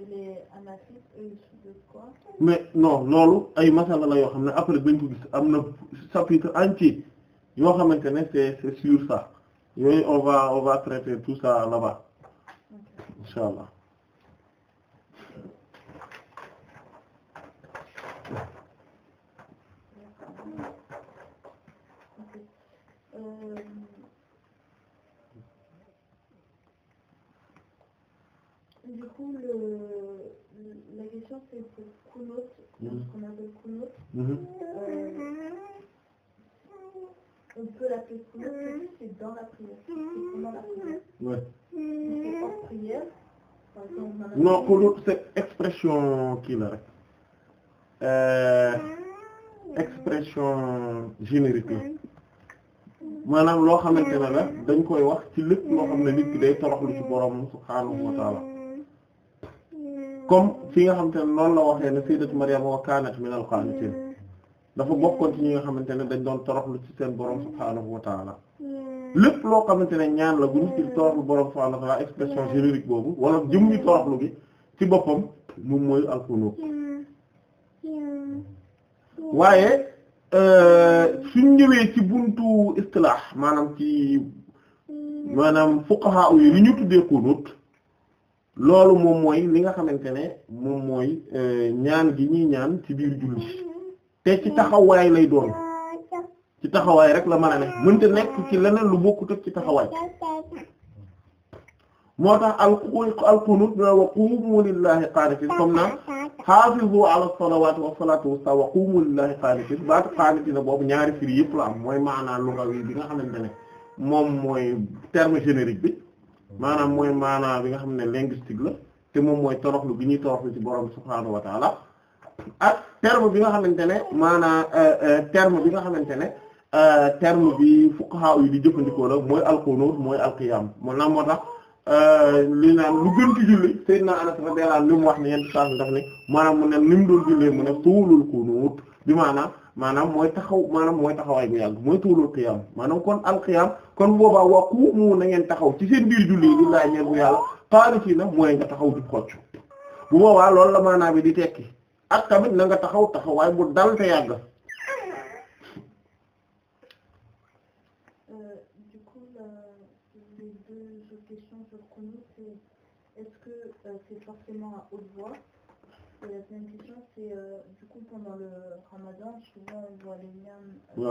Et les hanafites, eux, ils ay masala la yoo xam ne après bañ am na chapitre entier yoo xamante ne c'est c'est sur ça yooyu on va traiter tout ça là-bas. Euh, la question c'est pour Kounot, mhm. qu'on appelle Kounot. Mhm. Euh, on peut l'appeler Kounot, c'est dans la prière. C'est dans la prière. Ouais. C'est hors prière. Par exemple, on a non, Kounot, la maanaam loo xamante ne la dañ koy wax ci lépp loo xam ne nit ki day toroxlu ci borom subhaanahu wa comme fi nga xamante ne noonu la waxee ne sayyidat Maryam wa kaanat minal qaanitiin dafa bokkoon ci ñi nga xamante ne dañ doon toroxlu ci seen borom subhaanahu wa taala lépp loo xamante ne ñaan la bu ñu ci toroxlu borom subhaanahu wa expression générique boobu wala jëmmi toroxlu gi ci boppam moom mooy alqunut waaye suñ ñëwee ci buntu istilaax maanaam ci maanaam fuqaha yi li ñu tuddee qunut loolu moom mooy li nga xamante ne moom mooy eh, ñaan gi ñuy ñaan ci biir julli te ci taxawaay lay doon ci taxawaay rek la mën a nekk ci leneen lu bokkut ci taxawaay moo tax al alqunut dina wa qumu lillahi qanitin comme na hafizu ala salawati wa salatu wusta wa qumu lillahi qanitin baatu qanitin boobu ñaari firi yëpp la am mooy maanaa lugawi bi nga xamante ne moom mooy terme générique bi maanaam mooy maanaa bi nga xam ne linguistique la te moom mooy toroxlu bi ñuy toroxlu ci borom subhaanahu wa taala ak bi nga xamante ne maanaa euh, euh, term bi nga xamante ne euh, terme bi fuqaha yi di jëfandikoo la mooy alqunut mooy alqiyam moo li euh, naan lu gën ci julli Seydina Anas radiyallahu anhu li mu wax ne yenn saa daf ne maanaam mu ne ni mu doon jullee mu ne tuulul kunuut bi maanaam maanaam mooy taxaw maanaam mooy taxawaay bu yàgg mooy tuulul qiyaam maanaam kon alqiyaam kon boobaa waa kuumu na ngeen taxaw ci seen biir julli yi laa ñeen bu yàlla qaanitiina mooy nga taxaw di xocc bu boobaa loolu la maanaam bi di tekki ak tamit na nga taxaw taxawaay bu dal te yàgg. question sur Chrono, c'est est-ce que euh, c'est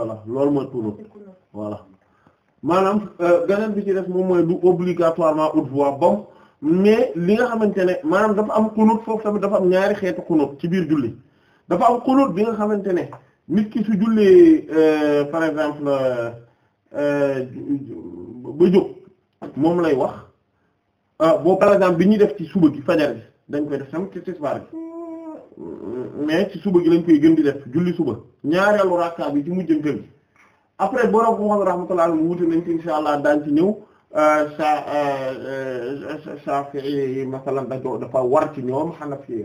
loolu mooy Chrono voilà maanaam euh, beneen bi ci def moom mooy du obligatoirement haute voix mais li nga xamante ne maanaam dafa am qunut foofu tamit dafa am ñaari xeetu qunut ci biir julli dafa am qunut bi nga xamante ne nit ki su jullee euh, par exemple euh, ba jóg. moom lay wax ah, boo par exemple bi ñuy def ci suba gi fajar dañ koy def tam ci tisbaar gi mais ci suba gi lañ koy gën di def julli suba ñaareelu rakka bi ci mujjanteel gi après borom ko moom rahmatullah mu wuute nañ ci insha allah daañ ci ñëw ah, sa ah, Shafi'i masalan dañoo dafa ci ñoom Hanafi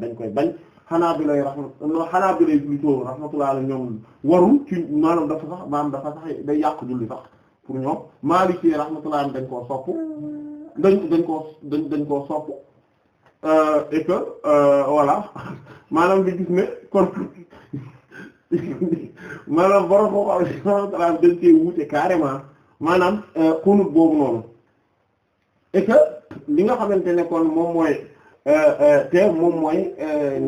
dañ koy bañ Hanabila rahmatullah Hanabila plutôt rahmatullah ñoom warul ci maanaam dafa sax maanaam dafa sax day yàq julli sax pour ñoom Maliki rahmatullah dañ koo sopp dañ dañ koo dañ dañ koo sopp euh, et que euh, voilà maanaam li gis ne kon maanaam borom koo xam dañ cee wuute carrément maanaam euh, xunut boobu noonu et que li nga xamante ne kon moom mooy te moom mooy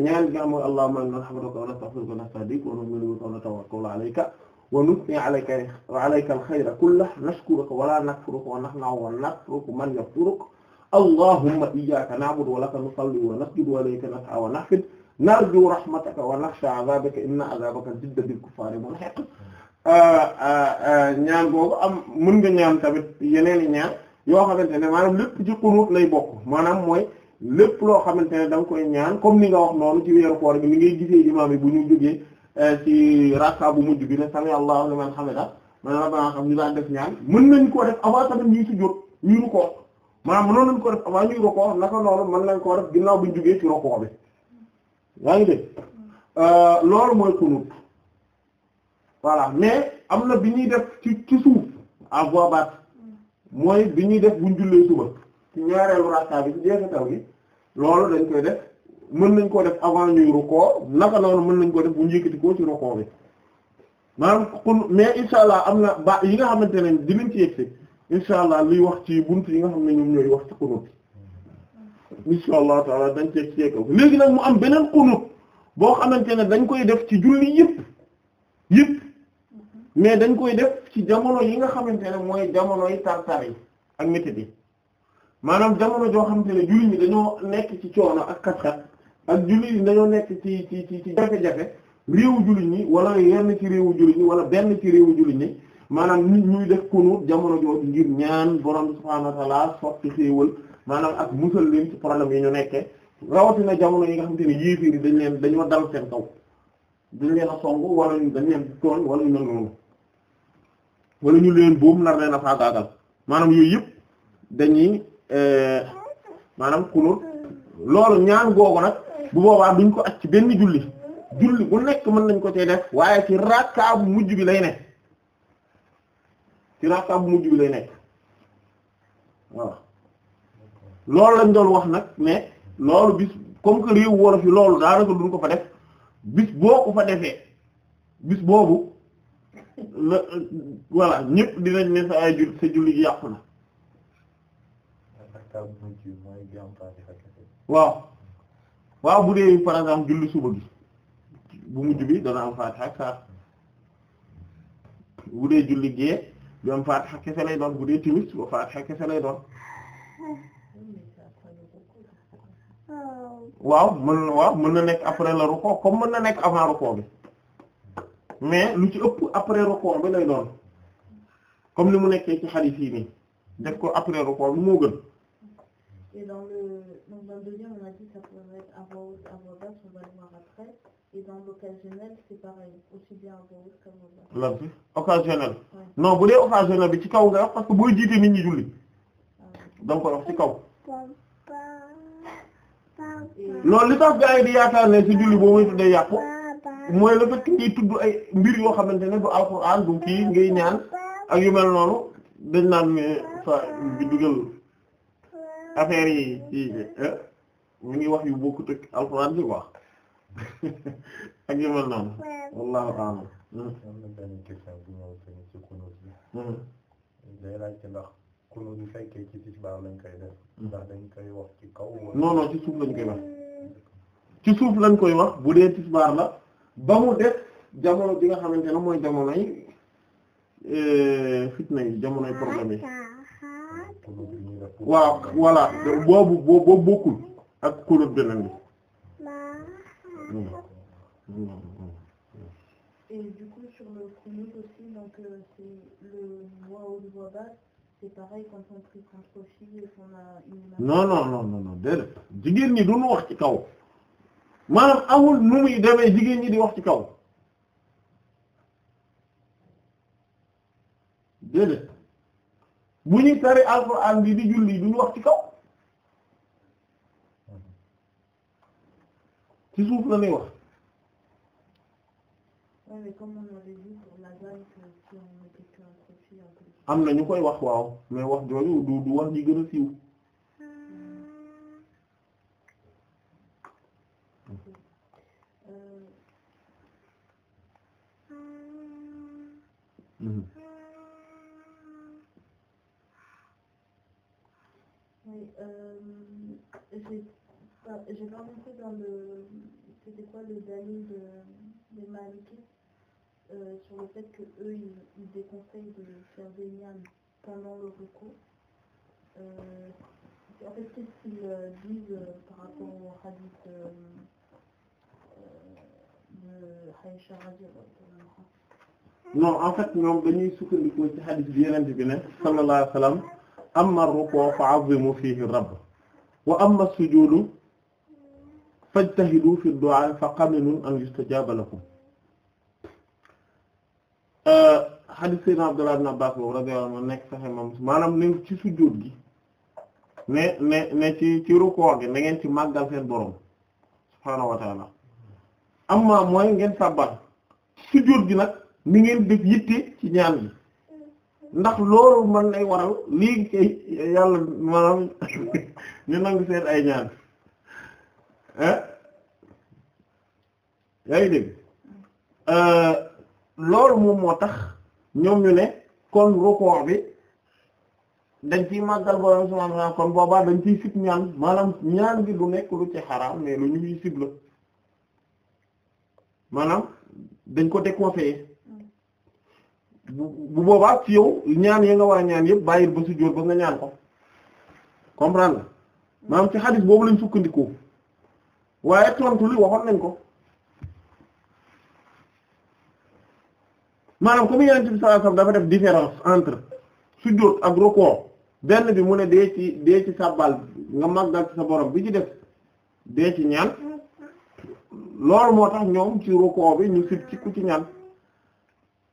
ñaan gi nga xam ne allahumma inna alhamdulillahi wa nasta'inuka wa nastaghfiruka wa nusni alayka wa alayka alxayra kullahu nashkuruka wa la nakfuruka wa naxna'u wa natruku man yakfuruka allahumma iyyaka na'budu wa laka nusalli wa nasjudu wa ilayka nas'a wa nahfidu narju rahmataka wa nakhsha 'adhabaka inna 'adhabaka zidda bil kuffari mulhiq ah, ah, ah, ñaan googu am mën nga ñaan tamit yeneeni ñaan yoo xamante ne maanaam lépp ci qunut lay bokk maanaam mooy lépp loo xamante ne da nga koy ñaan comme ni nga wax noonu ci weeru koor bi ni ngay gisee imaam yi bu ñu jógee Eh, ci rakka bu mujj bi ne sami allahu liman hamida maanaam rabbana xam ñu daan def ñaan mën nañ koo def avant tamit ñuy sujjóot ñuy rukkoo maanaam mënoon nañ ko def avant ñuy rukkoo naka noonu mën nañ koo def ginnaaw buñ jógee ci rukkoo bi yaa ngi dégg eh, loolu mooy kunut voilà mais am na bi ñuy def ci ci suuf à voix mooy bi ñuy def buñ jullee a ci ñaareelu rakka bi ci jeexital gi loolu dañ koy def mën nañ koo def avant ñuy rukkoo naka noonu mën nañ koo def bu ñu yëkkatikoo ci rukkoo bi maanaam kon mais insha allah am na ba yi nga xamante ne dinañ ci yegsi insha allah liy wax ci bunt yi nga xam ne ñoom ñooy wax ci qunut insha allah taala dañ ci yegsi léegi nag mu am beneen qunut boo xamante ne dañ koy def ci julli yëpp yëpp mais dañ koy def ci jamono yi nga xamante ne mooy jamono yi tartar yi ak métit yi maanaam jamono joo xamante ne julli ñi dañoo nekk ci coono ak xat-xat ak jullit yi dañoo nekk ci ci ci ci jafe-jafe réewu jullit ñi wala yenn ci réewu jullit ñi wala benn ci réewu jullit ñi maanaam nit ñuy def kunu jamono jooju ngir ñaan borom subhaanahu wa ta'aala sotti xéewal maanaam ak musal leen ci problème yi ñu nekkee rawatina jamono yi nga xamante ne yéeféer yi dañ leen dañoo dal seen kaw dañ leen a song wala dañ leen tooñ wala ñu mel ñu leen boobu nar leen a faagaagal maanaam yooyu yëpp dañuy eh, maanaam kunu loolu ñaan googu nag. bu boobaa duñ ko ac ci benn julli julli bu nekk mën nañ ko cee def waaye ci rakka bu mujj bi lay nekk ci rakka mujj bi lay nekk waaw loolu lañ doon wax nag mais loolu bis comme que réew wolof yi loolu daanaka duñ ko fa def bis boo ko fa defee bis boobu la voilà dinañ ne sa yàqu na waaw waaw bu dee par exemple julli suba gi bu mujj bi dana am faatiha ak saar bu dee julli gee bi am faatiha kese lay doon bu dee timis ba faatiha kese lay doon waaw mën na waaw mën na nekk après le rukkoo comme mën na nekk avant rukkoo bi mais lu ci ëpp après rukkoo bi lay doon comme ni mu nekkee ci hadith yi nii def ko après rukkoo bi moo gën Et dans le, dans le deuxième, on a dit que ça pourrait être à voix haute, à voix basse, non bu dee occasionnel bi ci kaw nga wax parce que booy jiite nit ñi julli. Ah. donc wax ci kaw. loolu li tax gaa yi di yaakaar ne ci julli boo muy tuddee yàqu mooy le fait que ngay tudd ay mbir yoo xamante ne du alxuraan du kii yu mel affaire yi yi euh, ñu ngi wax yu bokkut ak alxuraan bi wax ak yu mel wallahu a'lam hmm. am na benn question bu ñëw seen ci kunut bi hmm. day laaj ci ndax kunut ci tisbaar lañ koy hmm. dañ koy wax ci kaw non non ci suuf lañ koy wax ci suuf lañ koy wax bu dee tisbaar la ba mu def jamono bi nga xamante ne mooy jamonoy yi euh, fitna yi jamono ah, yi problème waaw voilà boobu boobu bokkul ak couleur beneen bi. Et du coup sur le qunut aussi donc euh, c'est le voix haute voix basse c'est pareil quand on prie contre fille et qu'on a une non non non non non déedéet jigéen ñi duñu wax ci kaw maanaam amul nu muy demee jigéen ñi di wax ci kaw déedéet bu ñuy tari alxuraan bi di julli duñu wax ci kaw ci suuf la wax. am na ñu koy wax waaw mais wax jooju du du wax ji gën a siiw. mm mais euh, j'ai pas, j'ai pas monté dans le c'était quoi le dernier de, des Malikites euh, sur le fait que eux ils, ils déconseillent de faire des miams pendant le recours. Euh, en fait qu'est-ce qu'ils euh, disent euh, par rapport au hadith euh, de Aïcha radiyallahu anha non en fait ñoom dañuy sukkandiku ci hadith bi Yonent bi ne sallallahu alayhi wa sallam amma ruku' fa'azzimu fihi rabb wa amma sujudu fajtahidu fi du'a fa qaminu an yustajaba lakum hadith sayyidina Abdullah ibn Abbas boobu radiyallahu anhu nekk saxe moom maanaam ne ci sujjóot gi ne ne ne ci ci rukkoo gi na ngeen ci màggal seen borom subhaanahu wa ta'ala amma mooy ngeen sàbbal sujjóot gi nag ni ngeen def yitte ci ñaan gi ndax loolu mën nay waral lii kay yàlla maanaam ñu nangu seen ay ñaan eh? euh, loolu moom moo tax ñoom ñu ne kon record bi dañ ciy màggal borom subhaanahu wa ta'aala kon boobaa dañ ciy sib ñaan maanaam ñaan gi du nekk lu ci xaraam mais lu ñuy sib la maanaam dañ ko déconseillé bu boobaa ci yow ñaan ya nga war a ñaan yëpp bàyyil ba sujjóot ba nga ñaan ko comprendre maanaam ci xadis boobu lañ sukkandikoo waaye tontu li waxoon nañ ko maanaam ko yonent bi sallallahu alayhi wasallam dafa def différence entre sujjóot ak rukóo benn bi mu ne dee ci dee ci sàbbal nga màggal ci sa borom bi ci def dee ci ñaan loolu moo tax ñoom ci rukóo bi ñu sit ci ku ci ñaan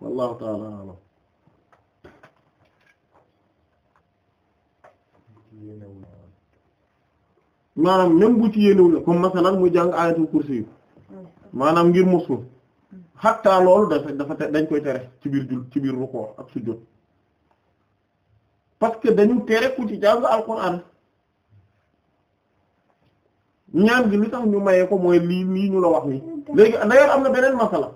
wallahu ta'ala a'lam maanaam même bu ci yéenewul la comme masalan muy jàng ayatul kursi yu maanaam ngir muslu xattaa loolu dafa dañ koy tere ci biir jul ci biir rukkoo ak sujjóot parce que dañu tere ku ci jàng alxuraan ñaan gi li tax ñu mayee ko mooy lii lii ñu la wax nii léegi d'ailleurs am na beneen masala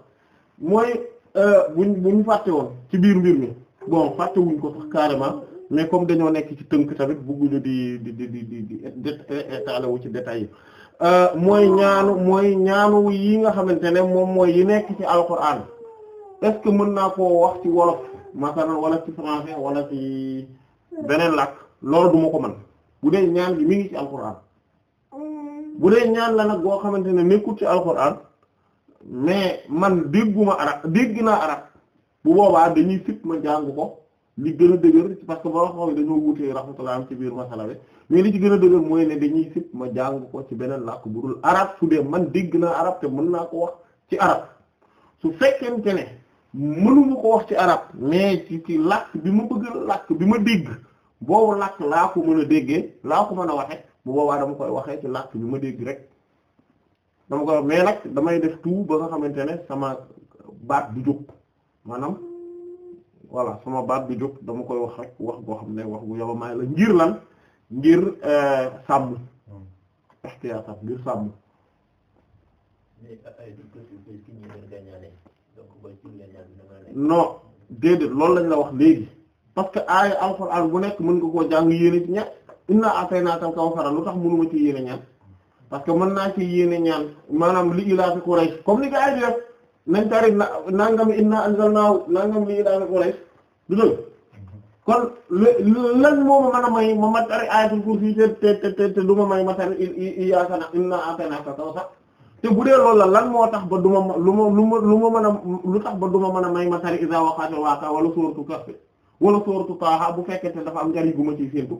mooy Euh, buñ ñu fàtte woon ci biir mbir mi bon fàtte ko sax carrément mais comme dañoo nekk ci tënk tamit bëgguñu di di di di di étaler ci détails yi euh, mooy ñaanu mooy ñaanu yi nga xamante ne moom mooy yi nekk ci alquran est-ce que mën naa koo wax ci wolof masalan wala ci français wala ci beneen làkk loolu duma ko mën bu dee ñaan gi mi ngi ci alquran hmm. bu dee ñaan la nag boo xamante ne nekkul ci alquran mais man dégguma arab dégg naa arab bu boobaa dañuy fit ma jàng ko li gën a dëgër parce que boo xam ne dañoo wutee rahmatullah am ci biir masala bi mais li ci gën a mooy ne dañuy fit ma jàng ko ci beneen làkk bu dul arab su dee man dégg naa arab te mën naa ko wax ci arab su fekkente ne mënuma ko wax ci arab mais ci ci làkk bi ma bëgg làkk bi ma dégg boobu làkk laa ko mën a déggee laa ko mën a waxe bu boobaa dama koy waxee ci làkk bi ma dégg rek dama ko wax mais nag damay def tout ba nga xamante ne sama baat du jóg maanaam voilà sama baat du jóg dama koy wax rek wax goo xam ne wax gu yoba maay la ngir lan ngir euh, sàmm ixtiyaat ngir sàmm non déedéet loolu lañ la wax léegi parce que aaya alxuraan bu nekk mën nga koo jàng yéene ci ña inna ataynaakal kawsara lu tax mënuma ci yéene ñaan parce que mën naa ci yéene ñaan maanaam li ilaafi Quraysh comme ni gaa yi di def nañ tari nangam inna anzalnaahu nangam li ilaafi Quraysh du dëgg kon lan moo ma mën a may ma ma tari ayatul kursi te te te te du ma may ma tari iyyaaka inna a'taynaaka Kawsar te bu dee loolu la lan moo tax ba du ma lu ma lu ma lu ma mën a lu tax ba du ma mën a may ma tari izaa waqa'atil dafa am njariñ gu ma ciy séentu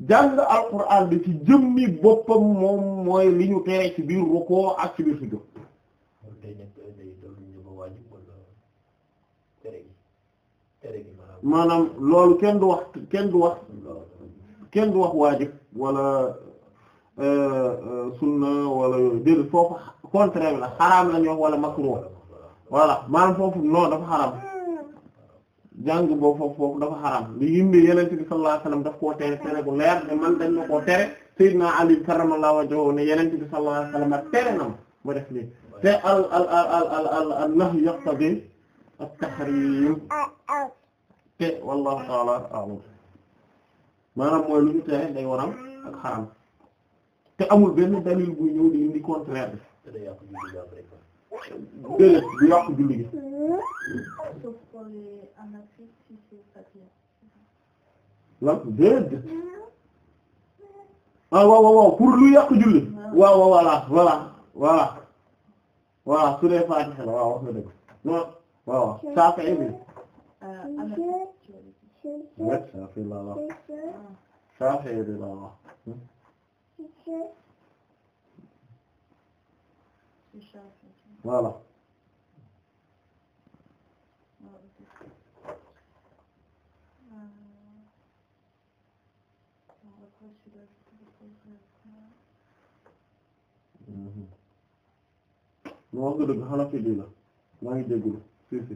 jàng alquran bi ci jëmmi boppam moom mooy li ñu tere ci biir ruku ak ci biir sujud maanaam loolu kenn du wax kenn du wax kenn wax waajib wala euh, euh, sunna wala yooyu déedéet foofu contraire la xaraam la ñu wax wala makruh wala maanaam foofu non dafa xaraam jàng boobu foofu foofu dafa xaram li yindi yeneen bi sallallahu daf koo tere tere bu leer te man dañ na koo tere sayyidina Ali karramallahu wajhahu ne yeneen bi sallallahu alayhi wasallam tere nam ma def lii te al al al al al maanaam mooy lu ñu tere day waral ak xaram te amul benn dalil bu ñëw di indi contraire déedéet du yàqu julli gi lan déedéet ah waaw waaw waaw pour lu yàqu julli waaw waaw voilà voilà voilà voilà su dee Faatiha la waaw wax nga dëgg non waaw Saafi'i bi Saafi'i la wax Saafi'i bi la wax voilà ma mhm. wax nga dëgg xanafi bi la maa ngi jéggul si si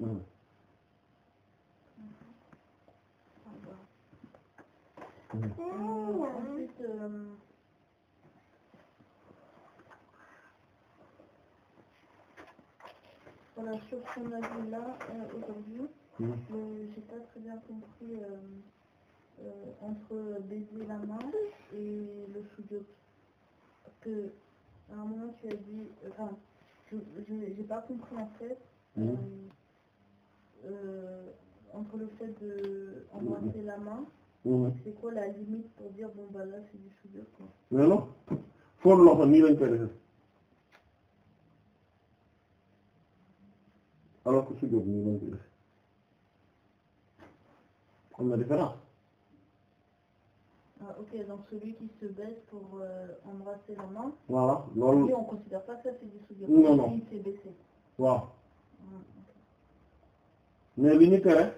mhm. Mhm. ensuite euh, Voilà, sur ce qu'on a vu là aujourd'hui, mmh. j'ai pas très bien compris euh, euh, entre baiser la main et le sujoud. Que à un moment tu as dit, euh, enfin, j'ai pas compris en fait. Mmh. Euh, entre le fait de embrasser mmh. la main mmh. mmh. c'est quoi la limite pour dire bon bah là c'est du sujoud quoi mais non foofu loxo nii lañ koy defee alors que sujjóot na différence. ah ok donc celui qui se baisse euh, loolu lui on considère pas ça c'est du sujjóot. non non il s'est baissé. Mm, tere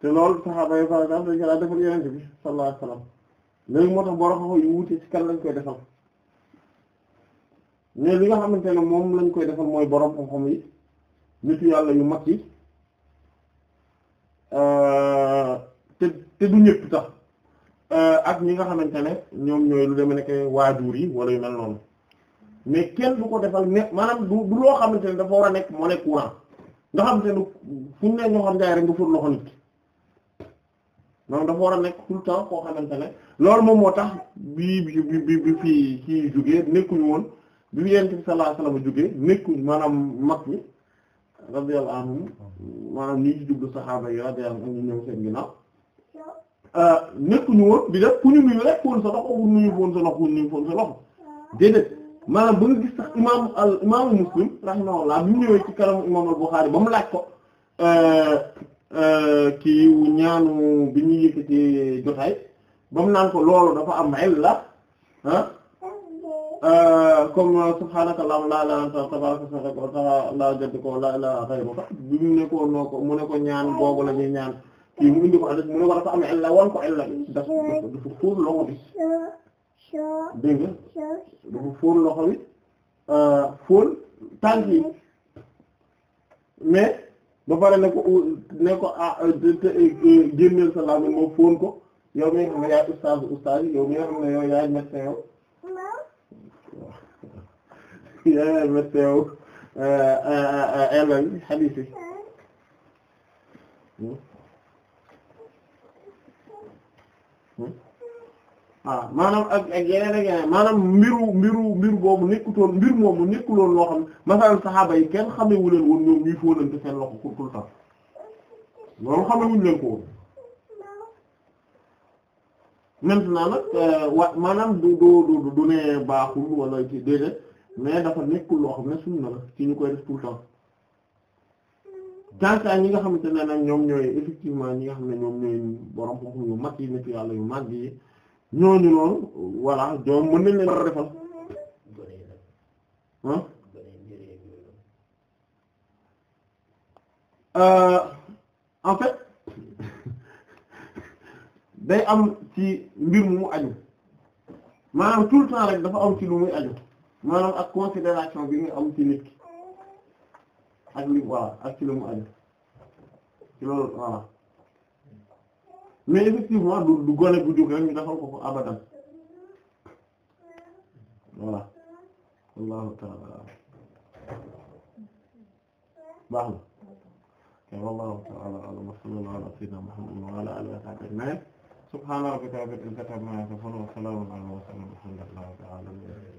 te loolu saxaaba yi par exemple dañu ko daan defal Yonent bi sallallahu alayhi wa sallam léegi moo tax borom xam-xam yu wuute ci kan lañ koy defal mais li nga xamante ne moom lañ koy defal mooy borom xam-xam yi. nitu yàlla yu mag yi euh, te te du ñëpp tax euh, ak ñi nga xamante ne ñoom ñooy lu deme nekk waajur yi wala yu mel noonu mais kenn du ko defal ne maanaam du du loo xamante ne dafa war a nekk moo nekk courant nga xam ne fu ne ñoo xam njaay rek nga fóot loxo nit maanaam dafa war a nekk tout le koo xamante ne loolu moom moo tax bii bi bi bi fii kii jógee nekkuñu woon bi Yonent bi sallallahu alayhi wasallam jógee nekkuñu maanaam mag mi radiyallahu anhum maanaam ñi ci jublu saxaaba yi radiyallahu anhum ñoom seen ginnaaw euh, nekkuñu woon di def ku ñu nuyu rek foon sa loxo ku nuyu foon sa loxo ku nuyu foon sa loxo déedéet maanaam ba nga gis sax imaam al imaamu muslim rahimahullah bi mu ñëwee ci kanamu imaam al Buxaari ba mu laaj ko euh, euh, kii ñaanu bi ñu yëkkati jotaay ba mu naan ko loolu dafa am illa ah Euh, comme euh, subhaanaka laa ilaaha anta tabaaraka wa ta'aala jadduka wa laa ilaaha ghayruka bi mu ne ko noo ko mu ne ko ñaan googu la ñuy ñaan kii mu indi ko adis mu ne ko dafa am illa wan ko illa bi dafa dafa fóor loxo bi dégg nga dafa fóor loxo bi euh, fóor tànk yi mais ba pare ne ko ne ko ah génneel sa laa moom fóon ko yow mi nga xam ne yaay ustaas ustaas yi yow mi nga xam ne yow yaay médecin yow yeneen verset wu elal hadith yi ah, maanaam ak ak yeneen ak yeneen maanaam mbiru mbiru mbir boobu nekkutoon mbir moomu nekkuloon loo xam masal saxaaba yi kenn xamewu woon ñoom ñuy fóonante seen loxo pour tout le temps xamewuñu leen ko woon maintenant nag euh, du du du du ne baaxul wala déedéet mais dafa nekkul loo xam ne sunna la ci ñu koy def tout le temps ñi nga xamante ne ñoom ñooy effectivement ñi nga xam ne ñoom ñooy borom xam-xam yu mag yi nekk yàlla yu mag yi ñooñu noonu voilà ñoom mën nañ leen war a defal ah en day am ci mbir mu mu aju maanaam tout le temps rek dafa am ci lu muy aju. maanaam ak considération bi nga am ci nit ki ak li voilà ak ci la mu aju ci loolu voilà mais effectivement du du gone bu ko ko abadan ta'ala baax na te ta'ala a'lam wa sallallahu ala sayyidina Muhammadin wa ala wa sahbihi ajma'in subhana rabbika rabbil izzati wa salamun ala al mursalin walhamdulillahi rabbil